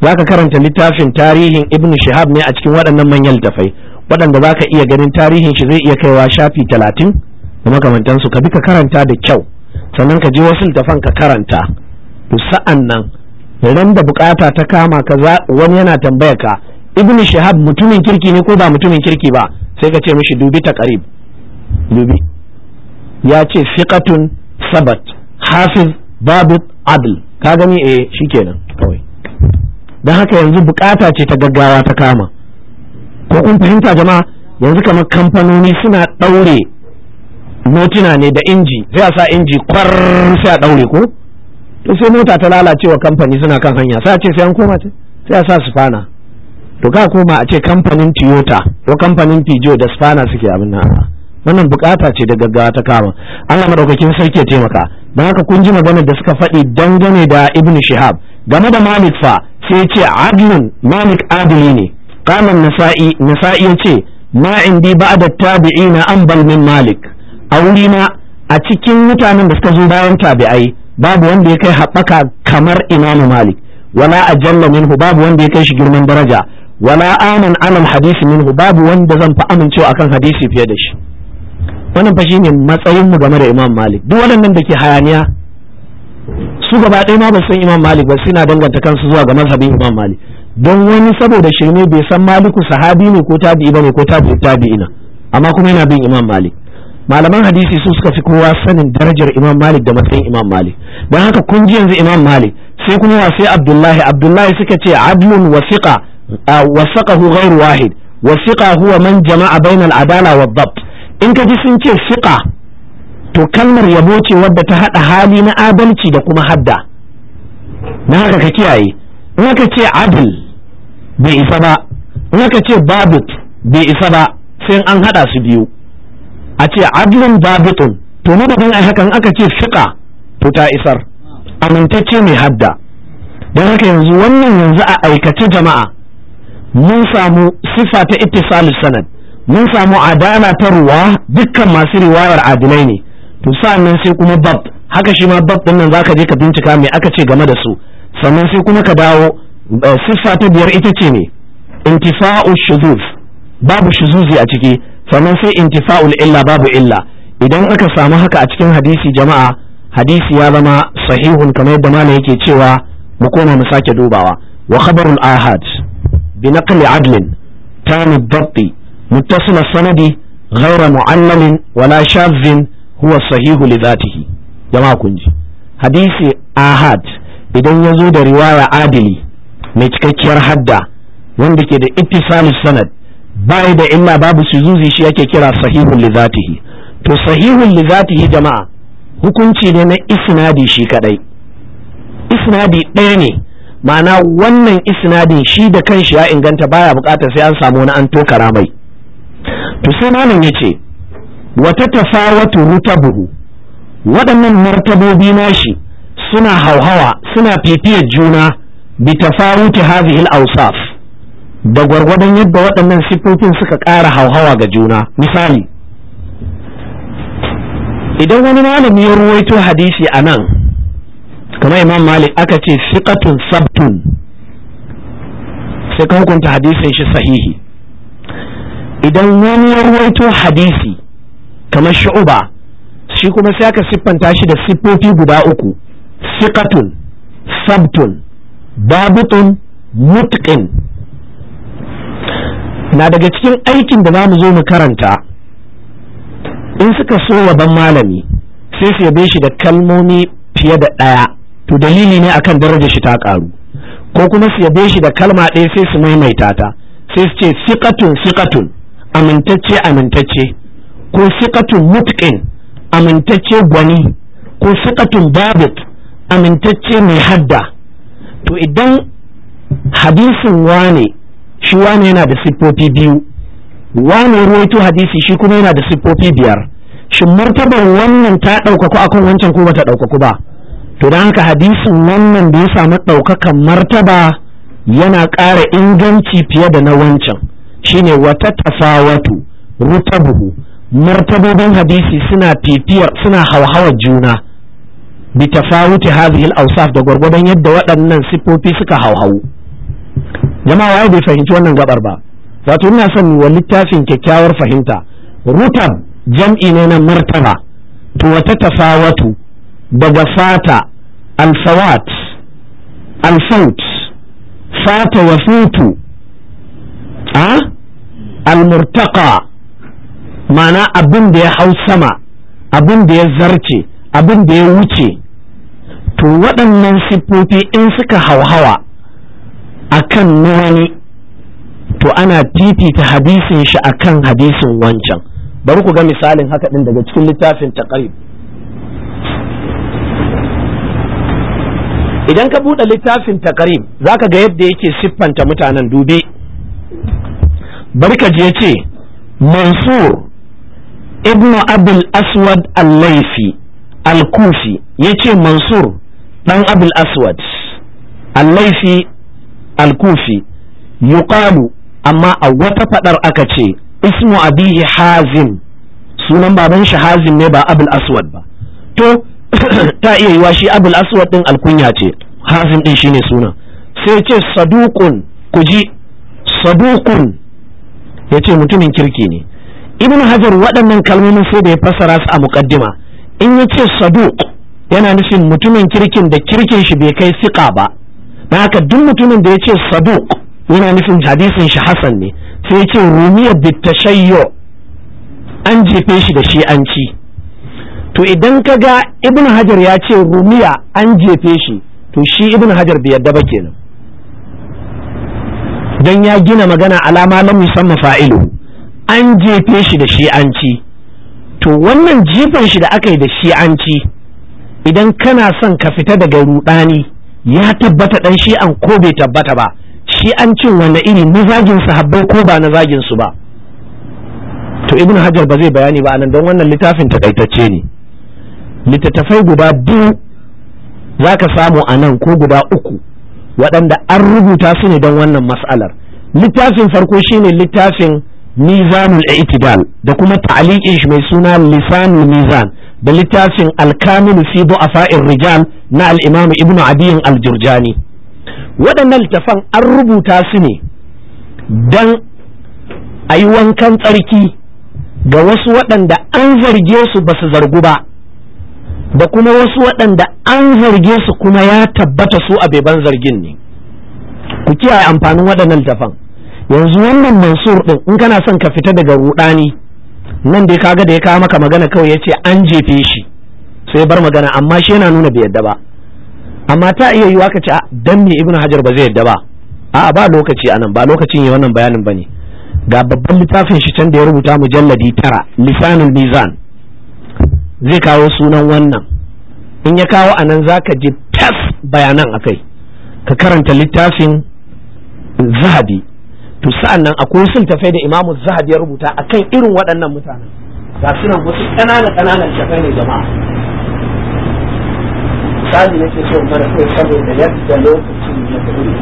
zaka karanta littafin tarihin ibn shihab ne a cikin waɗannan manyan littafai waɗanda zaka iya ganin tarihin shi zai iya kaiwa shafi talatin da makamantansu ka bi ka karanta da kyau sannan ka je wasu littafan ka karanta to sa'an nan ran da bukata ta kama ka wani yana tambaya ka ibn shahab mutumin kirki ne ko ba mutumin kirki ba sai ka ce mishi dubi ta karib dubi ya ce fiqatun sabat hafiz babu adl ka gani eh shikenan kawai don haka yanzu bukata ce ta gaggawa ta kama ko kun fahimta jama'a yanzu kamar kamfanoni suna ɗaure motuna ne da inji sai a sa inji kwar sai a daure ko to sai mota ta lalacewa kamfani suna kan hanya sai a ce sai an koma ce sai a sa spana to ka koma a ce kamfanin toyota ko kamfanin pijo da spana suke abin nan wannan bukata ce da gaggawa ta kama Allah madaukakin sarki ya taimaka don haka kun ji maganar da suka faɗi dangane da ibnu shihab game da malik fa sai ce adlun malik adili ne kamar nasa'i nasa'i ya ce ma indi ba'da tabi'ina an bal min malik a wuri wurina a cikin mutanen da suka zo bayan tabi'ai babu wanda ya kai haɓaka kamar imamu malik wala ajalla minhu babu wanda ya kai shi girman daraja wala aman anan hadisi minhu babu wanda zan fa amincewa akan hadisi fiye da shi wannan fa shine matsayin mu game da imam malik duk waɗannan da ke hayaniya su gaba ɗaya ma ba san imam malik ba suna danganta kansu zuwa ga mazhabin imam malik don wani saboda shirme bai san maliku sahabi ne ko tabi'i ba ne ko tabi'i tabi'ina amma kuma yana bin imam malik malaman hadisi su suka fi kowa sanin darajar imam malik da matsayin imam malik don haka kun ji yanzu imam malik sai kuma wa sai abdullahi abdullahi suka ce adlun wasiqa wasaqahu ghairu wahid wasiqa huwa man jama'a bainal adala wa in ka ji sun ce siqa to kalmar yabo ce wadda ta hada hali na adalci da kuma hadda na haka ka kiyaye in ka ce adl bai isa ba in ka ce babut bai isa ba sai an hada su biyu a ce adlun babitun to madadin a hakan aka ce fiƙa to ta isar amintacce mai hadda don haka yanzu wannan yanzu a aikace jama'a mun samu siffa ta ittisali sanad mun samu adana ta ruwa dukkan masu riwayar adilai ne to sa-nan sai kuma bab haka shi ma bab din nan zaka je ka bincika me aka ce game da su sannan sai kuma ka dawo siffa ta biyar ita ce ne intifa'u shuzuz babu shuzuzi a ciki sannan sai intifa'ul illa babu illa idan aka samu haka a cikin hadisi jama'a hadisi ya zama sahihun kamar yadda malam yake cewa mu koma mu sake dubawa wa khabarul ahad bi naqli adlin tani dabti muttasila sanadi ghaira mu'allalin wala shadhin huwa sahihu li dhatihi jama'a kunji hadisi ahad idan ya zo da riwaya adili mai cikakkiyar hadda wanda ke da ittisalus sanad bai da illa babu zuzi shi yake kira sahihun li to sahihun li jama'a hukunci ne na isnadi shi kadai isnadi ɗaya ne ma'ana wannan isnadin shi da kanshi ya inganta baya bukatar sai an samu wani an tokara mai to sai malam yace wata tafawatu rutabuhu waɗannan martabobi nashi suna hauhawa suna fifiyar juna bi tafawuti hadhihi al-awsaf da gwargwadon yadda waɗannan siffofin suka ƙara hauhawa ga juna misali idan wani malami ya ruwaito hadisi a nan kamar imam malik aka ce sikatun sabtun sai ka hukunta hadisin shi sahihi idan wani ya ruwaito hadisi kamar shu'uba shi kuma sai aka siffanta shi da siffofi guda uku sikatun sabtun babutun mutqin na daga cikin aikin da za mu zo mu karanta in suka so ban malami sai su yabe shi da kalmomi fiye da ɗaya to dalili ne akan darajar shi ta karu ko kuma su yabe shi da kalma ɗaya sai su maimaita ta sai su ce sikatun sikatun amintacce amintacce ko sikatun mutƙin amintacce gwani ko sikatun babit amintacce mai hadda to idan hadisin wane shi wane yana da siffofi biyu wane ruwaito hadisi shi kuma yana da siffofi biyar shin martabar wannan ta ɗaukaku akan wancan ko bata ɗaukaku ba to don haka hadisin wannan da ya samu ɗaukakan martaba yana ƙara inganci fiye da na wancan shine wata tasawatu rutabuhu martabobin hadisi suna fifiyar suna hauhawa juna bi tafawuti hadhihi al-awsaf da gwargwadon yadda waɗannan sifofi suka hauhawu jama'a waye bai fahimci wannan gabar ba wato ina son wa littafin kyakkyawar fahimta rutab jam'i ne na martaba to wata tafawatu daga fata alfawat alfaut fata wa futu a almurtaka ma'ana abin da ya hau sama abin da ya zarce abin da ya wuce to waɗannan siffofi in suka hauhawa akan na wani to ana titita hadisin shi akan hadisin wancan bari ku ga misalin haka din daga cikin littafin taqrib idan ka buɗe littafin taqrib zaka ga yadda yake siffanta mutanen dubi bari ka je ce mansur Ibn abul aswad al-laifi al-kufi yace mansur dan abul aswad al-laifi Alkufi. kufi yuqalu amma a wata fadar aka ce ismu abihi hazim sunan baban shi hazim ne ba abul aswad ba to ta iya yiwa shi abul aswad din alkunya ce hazim din shine sunan sai ce saduqun kuji saduqun yace mutumin kirki ne ibn hajar waɗannan kalmomin sai da ya fassara su a muqaddima in yace saduq yana nufin mutumin kirkin da kirkin shi bai kai siƙa ba da haka duk mutumin da ya ce saduk yana nufin hadisin shi hasan ne sai ya ce rumiya bitashayyo an jefe shi da shi an ci to idan ka ga ibn hajar ya ce rumiya an jefe shi to shi ibn hajar bai yadda ba kenan dan ya gina magana alama na musamman fa'ilu an jefe shi da shi an ci to wannan jifan shi da aka yi da shi an ci idan kana son ka fita daga rudani ya tabbata dan shi'an ko bai tabbata ba shi an cin wanda iri na zagin sahabbai ko ba na zagin su ba to ibnu hajar ba zai bayani ba anan don wannan littafin takaitacce ne littattafai guda biyu za ka samu a nan ko guba uku waɗanda an rubuta su ne don wannan mas'alar littafin farko shine littafin mizanul i'tidal da kuma ta'liqin shi mai suna lisanul mizan da littafin alkamilu fi fa'in rijal na al-imam ibnu adiyin al-jurjani waɗannan littafan an rubuta su ne dan a yi wankan tsarki ga wasu waɗanda an zarge su ba su zargu ba da kuma wasu waɗanda an zarge su kuma ya tabbata su a beban zargin ne ku kiyaye amfanin waɗannan littafan yanzu wannan mansur ɗin in kana son ka fita daga ruɗani nan dai kaga da ya kawo maka magana kawai ya ce an jefe shi sai bar magana amma shi yana nuna bai yadda ba amma ta iya yiwa ka ce dan me ibnu hajar ba zai yadda ba a'a ba lokaci anan ba lokacin ya wannan bayanin bane ga babban littafin shi can da ya rubuta mujalladi tara lisanul mizan zai kawo sunan wannan in ya kawo anan zaka ji tas bayanan akai ka karanta littafin zahabi to sa'an nan akwai sun tafai da imamu zahabi ya rubuta akan irin waɗannan mutanen ga su nan wasu ƙananan ƙananan shafai ne jama'a misali nake so in mana kai saboda yadda lokacin ya kuri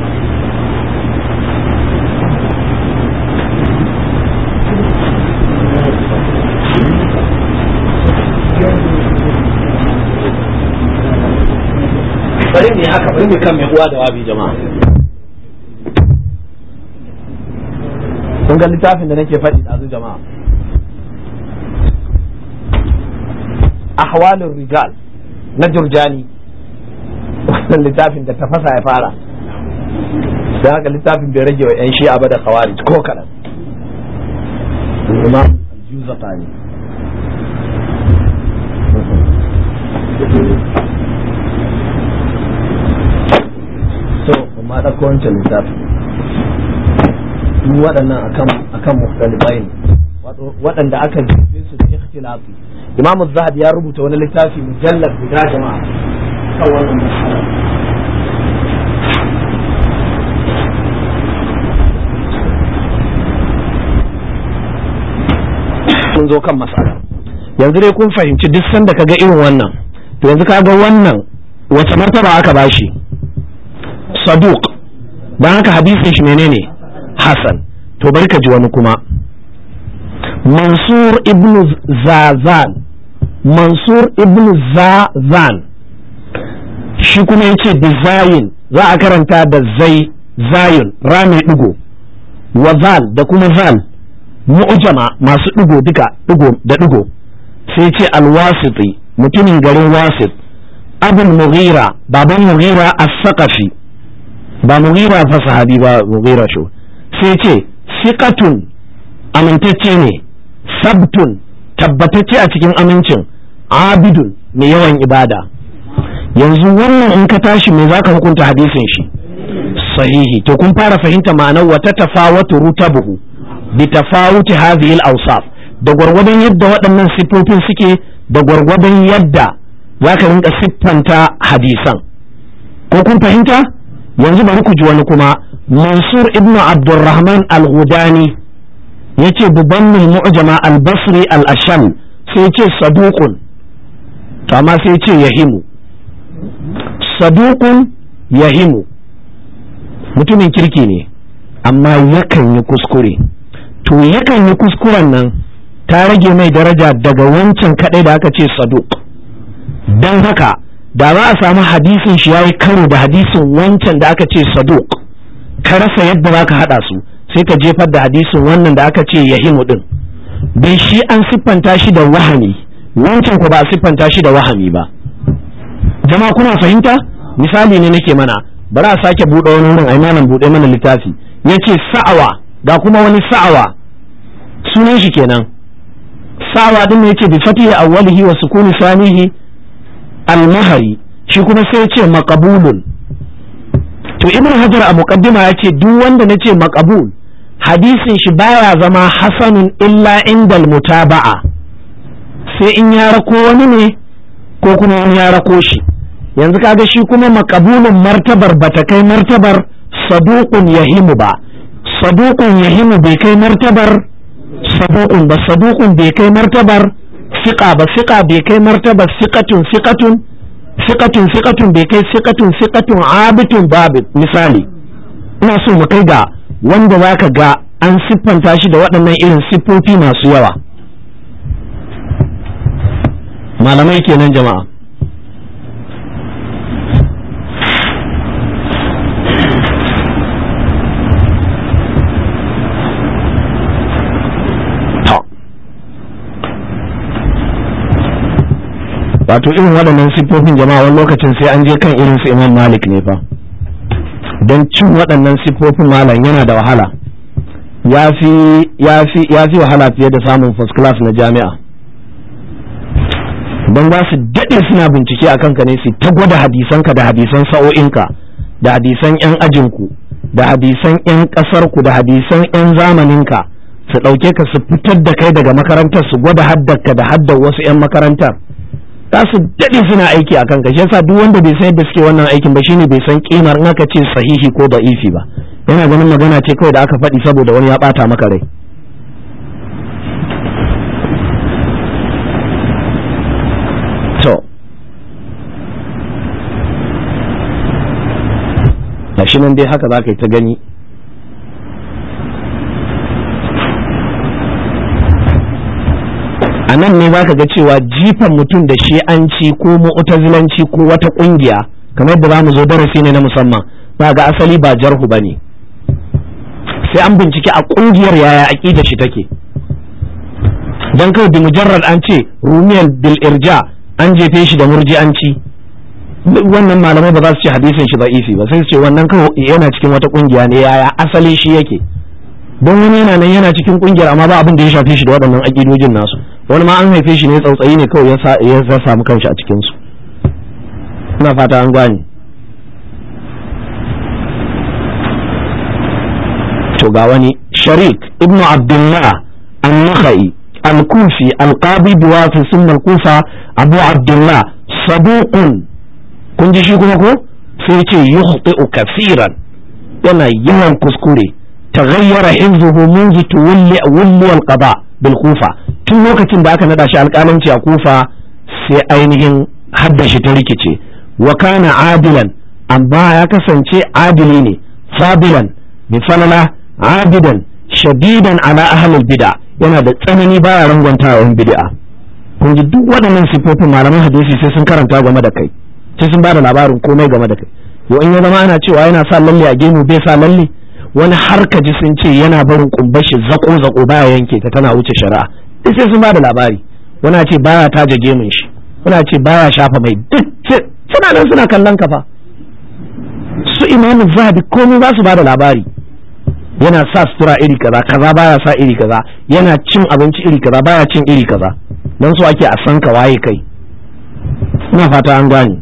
bari ne haka bari ne kan mai uwa da wabi jama'a kun ga littafin da nake faɗi ɗazu jama'a ahwalin rijal na jurjani wannan littafin da tafasa ya fara da haka littafin bai rage wa 'yan shi'a ba da kawari ko kaɗan imam al-juzafa ne so ma ɗauko wancan littafin duk waɗannan akan akan muhtalifain waɗanda aka jefe su da ikhtilafi imam az-zahabi ya rubuta wani littafi mujallad guda jama'a kan wannan masala kun zo kan mas'ala yanzu dai kun fahimci duk sanda kaga irin wannan to yanzu ka ga wannan wace martaba aka bashi saduq dan haka hadisin shi menene hasan to bari ka ji wani kuma mansur ibn zazan mansur ibn zazan shi kuma da Zayin za a karanta da zai Zayin rami ɗigo wa zal da kuma zal mu'jama masu digo duka digo da digo sai ce alwasiti mutumin garin wasit abin mughira baban mughira as-saqafi ba mughira fa sahabi ba mughira shi sai ce sikatun amintacce ne sabtun tabbatacce a cikin amincin abidun mai yawan ibada yanzu wannan in ka tashi mai za ka hukunta hadisin shi sahihi to kun fara fahimta ma'anar wata tafawatu rutabuhu bi tafawuti hadhihi al-awsaf da gwargwadon yadda waɗannan siffofin suke da gwargwadon yadda za ka rinka siffanta hadisan ko kun fahimta yanzu bari ku ji wani kuma mansur ibnu abdurrahman al hudani ya ce bubannul mu'jama al-basri al-asham sai ce saduqun to amma sai ce yahimu saduqun yahimu mutumin kirki ne amma yakan yi kuskure to yakan yi kuskuren nan ta rage mai daraja daga wancan kadai da aka ce saduq don haka da za a samu hadisin shi yayi karo da hadisin wancan da aka ce saduq ka rasa yadda za ka haɗa su sai ka jefar da hadisin wannan da aka ce ya himu din bai shi an siffanta shi da wahami wancan ku ba a siffanta shi da wahami ba jama'a kuna fahimta misali ne nake mana bari a sake buɗe wani wurin a imanin buɗe mana littafi ya ce sa'awa ga kuma wani sa'awa sunan shi kenan sa'awa din ne yace bi fatihi awwalihi wa sukuni sanihi al shi kuma sai ce maqbulun to ibnu hajar a muqaddima yace duk wanda nace maqbul hadisin shi baya zama hasanun illa indal mutaba'a sai in ya rako wani ne ko kuma in ya rako shi yanzu kaga shi kuma maqbulun martabar bata kai martabar saduqun yahimu ba saduqun yahimu bai kai martabar saduqun ba saduqun bai kai martabar siqa ba siqa bai kai martabar siqatun siqatun sikatun sikatun bai kai sikatun sikatun abitun babit misali ina so mu kai ga wanda zaka ga an siffanta shi da waɗannan irin siffofi masu yawa malamai kenan jama'a wato irin waɗannan siffofin jama'a wani lokacin sai an je kan irin su imam malik ne fa don cin waɗannan siffofin malam yana da wahala ya fi wahala fiye da samun first class na jami'a don za su daɗe suna bincike a kanka ne su ta gwada hadisanka da hadisan sa'o'inka da hadisan 'yan ajinku da hadisan 'yan ƙasarku da hadisan 'yan zamaninka su ɗauke ka su fitar da kai daga makarantar su gwada haddarka da haddar wasu 'yan makarantar za su daɗe suna aiki a kanka shi yasa duk wanda bai san yadda suke wannan aikin ba shine bai san kimar in aka ce sahihi ko da'ifi ba yana ganin magana ce kawai da aka faɗi saboda wani ya ɓata maka rai shi nan dai haka za ka yi ta gani a nan ne zaka ga cewa jifan mutum da shi'anci ko mu'tazilanci ko wata kungiya kamar da zamu zo darasi ne na musamman ba ga asali ba jarhu ne sai an bincike a kungiyar yaya aqida shi take dan kawai bi mujarrad an ce rumiyan bil irja an jefe shi da murji an ci. wannan malamai ba za su ce hadisin shi da'ifi ba sai su ce wannan kawai yana cikin wata kungiya ne yaya asali shi yake don wani yana nan yana cikin kungiyar amma ba abin da ya shafe shi da waɗannan akidojin nasu wani ma an haife shi ne tsautsayi ne kawai ya samu kanshi a cikinsu ina fata an gwani to ga wani sharik ibn abdullah an-nakhai al-kufi al-qadi biwafi sunna al-kufa abu abdullah saduqun kun ji shi kuma ko sai ce yukhti'u kaseeran yana yawan kuskure taghayyara hifzuhu منذ تولي ولي القضاء بالكوفة tun lokacin da aka naɗa shi alƙalanci a kufa sai ainihin hadda shi ta rikice wa kana adilan amma ya kasance adili ne fabilan mai falala abidan shadidan ala ahlul bid'a yana da tsanani baya rangwantawan bid'a kun ji duk waɗannan sifofin malaman hadisi sai sun karanta game da kai sai sun bada labarin komai game da kai yau in ya zama ana cewa yana sa lalle a gemu bai sa lalle wani har ka ji sun ce yana barin kumbashi zako zako baya yanke ta tana wuce shari'a duk sai sun ba da labari wana ce baya taje gemun shi wana ce baya shafa mai duk suna nan suna kallon kafa su imamu zabi komai za su ba da labari yana sa sutura iri kaza kaza baya sa iri kaza yana cin abinci iri kaza baya cin iri kaza don su ake a san ka waye kai ina fata an gane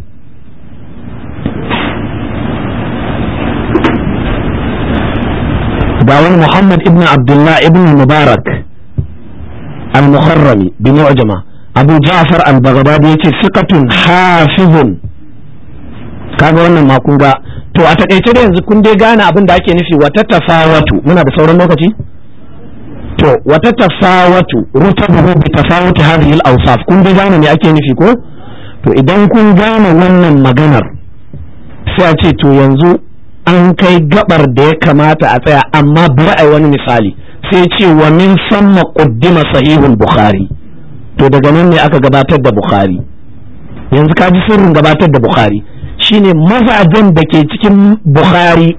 ba wani muhammad ibn abdullah ibn mubarak al-mukharrami bi mu'jama abu ja'far al-baghdadi yace thiqatun hafizun kaga wannan makun to a takaice da yanzu kun dai gane abin da ake nufi wata tafawatu muna da sauran lokaci to wata tafawatu rutabuhu buhu, tafawuti hadhihi al-awsaf kun dai gane me ake nufi ko to idan kun gane wannan maganar sai a ce to yanzu an kai gabar da ya kamata a tsaya amma bari a yi wani misali sai ce wa min samma qaddima sahihun bukhari to daga nan ne aka gabatar da bukhari yanzu ka ji sirrin gabatar da bukhari shine mazajen da ke cikin bukhari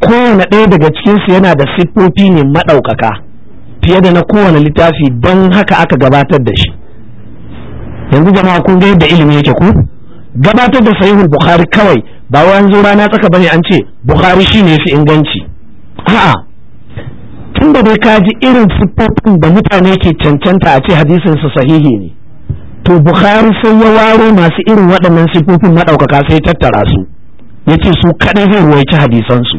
kowane ɗaya daga cikinsu yana da siffofi ne maɗaukaka fiye da na kowane littafi don haka aka gabatar da shi yanzu jama'a kun ga yadda ilimi yake ku gabatar da sahihul bukhari kawai ba wai zo rana tsaka bane an ce bukhari shine fi inganci a'a tun da dai ka ji irin siffofin da mutane ke cancanta a ce hadisin su sahihi ne to bukhari sai ya waro masu irin waɗannan siffofin maɗaukaka sai tattara su ya ce su kaɗai zai ruwaici hadisansu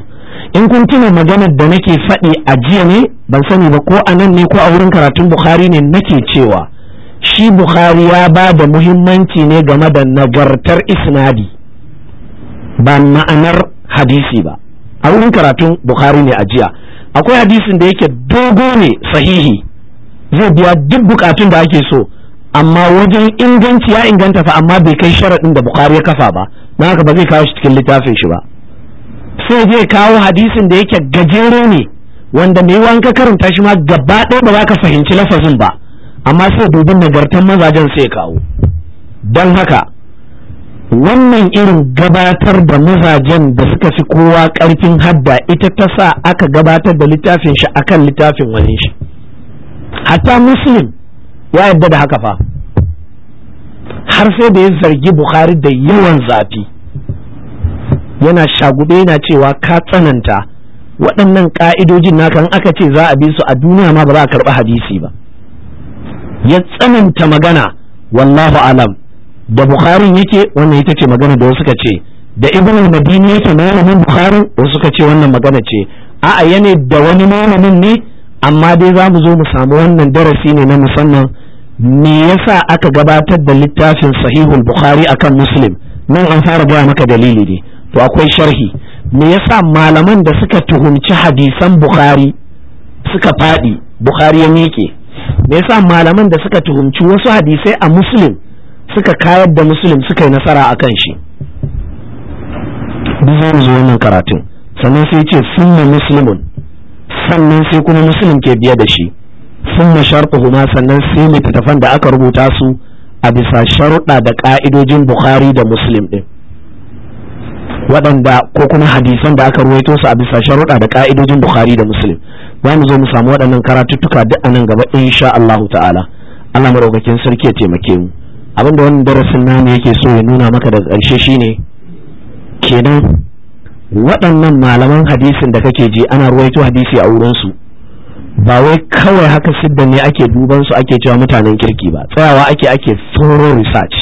in kun tuna maganar da nake faɗi a jiya ne ban sani ba ko a nan ne ko a wurin karatun bukhari ne nake cewa shi bukhari ya ba da muhimmanci ne game da nagartar isnadi ba ma'anar hadisi ba a wurin karatun bukhari ne a jiya akwai hadisin da yake dogo ne sahihi zai biya duk bukatun da ake so amma wajen inganci ya inganta fa amma bai kai sharaɗin da bukari ya kafa ba don haka ba zai kawo shi cikin littafin shi ba sai zai kawo hadisin da yake gajere ne wanda mai wanka karanta shi ma gaba ɗaya ba za ka fahimci lafazin ba amma sai dubin nagartan mazajen sai kawo don haka wannan irin gabatar da mazajen da suka fi kowa ƙarfin hadda ita ta sa aka gabatar da littafin shi akan littafin wani shi hatta muslim ya yadda da haka fa har sai da ya zargi bukhari da yawan zafi yana shagube yana cewa ka tsananta waɗannan ƙa'idojin naka in aka ce za a bi su a duniya ma ba za a karɓi hadisi ba ya tsananta magana wallahu alam da bukharin yake wannan ita ce magana da wasu ka ce da ibn madini yake malamin bukharin wasu ka ce wannan magana ce a'a yane da wani malamin ne amma dai za mu zo mu samu wannan darasi ne na musamman me yasa aka gabatar da littafin sahihul bukhari akan muslim nan an fara gaya maka dalili ne to akwai sharhi me yasa malaman da suka tuhumci hadisan bukhari suka faɗi bukhari ya miƙe me yasa malaman da suka tuhumci wasu hadisai a muslim suka kayar da musulun suka yi nasara a kan shi duk zai zo wannan karatun sannan sai ce sunna musulmun sannan sai kuma musulun ke biye da shi sunna sharquhuma sannan sai littattafan da aka rubuta su a bisa sharuɗa da ƙa'idojin bukhari da musulun ɗin waɗanda ko kuma hadisan da aka ruwaito su a bisa sharuɗa da ƙa'idojin bukhari da musulun za mu zo mu samu waɗannan karatuttuka duk a nan gaba insha allahu ta'ala Allah maɗaukakin sarki ya taimake mu abinda wannan darasin namu yake so ya nuna maka da ƙarshe shine kenan waɗannan malaman hadisin da kake ji ana ruwaito hadisi a wurinsu ba wai kawai haka sidda ne ake duban su ake cewa mutanen kirki ba tsayawa ake ake thorough research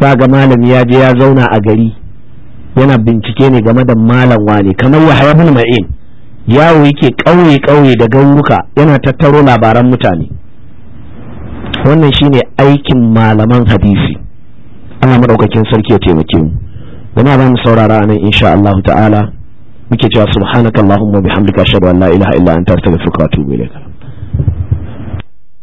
ba ga malami ya je ya zauna a gari yana bincike ne game da malam wane kamar ya haya ma'in yawo yake ƙauye ƙauye da gauruka yana tattaro labaran mutane wannan shine aikin malaman hadisi Allah madaukakin sarki ya taimake mu muna za mu saurara nan insha Allah ta'ala muke cewa subhanakallahumma bihamdika ashhadu an la ilaha illa anta astaghfiruka wa atubu ilaik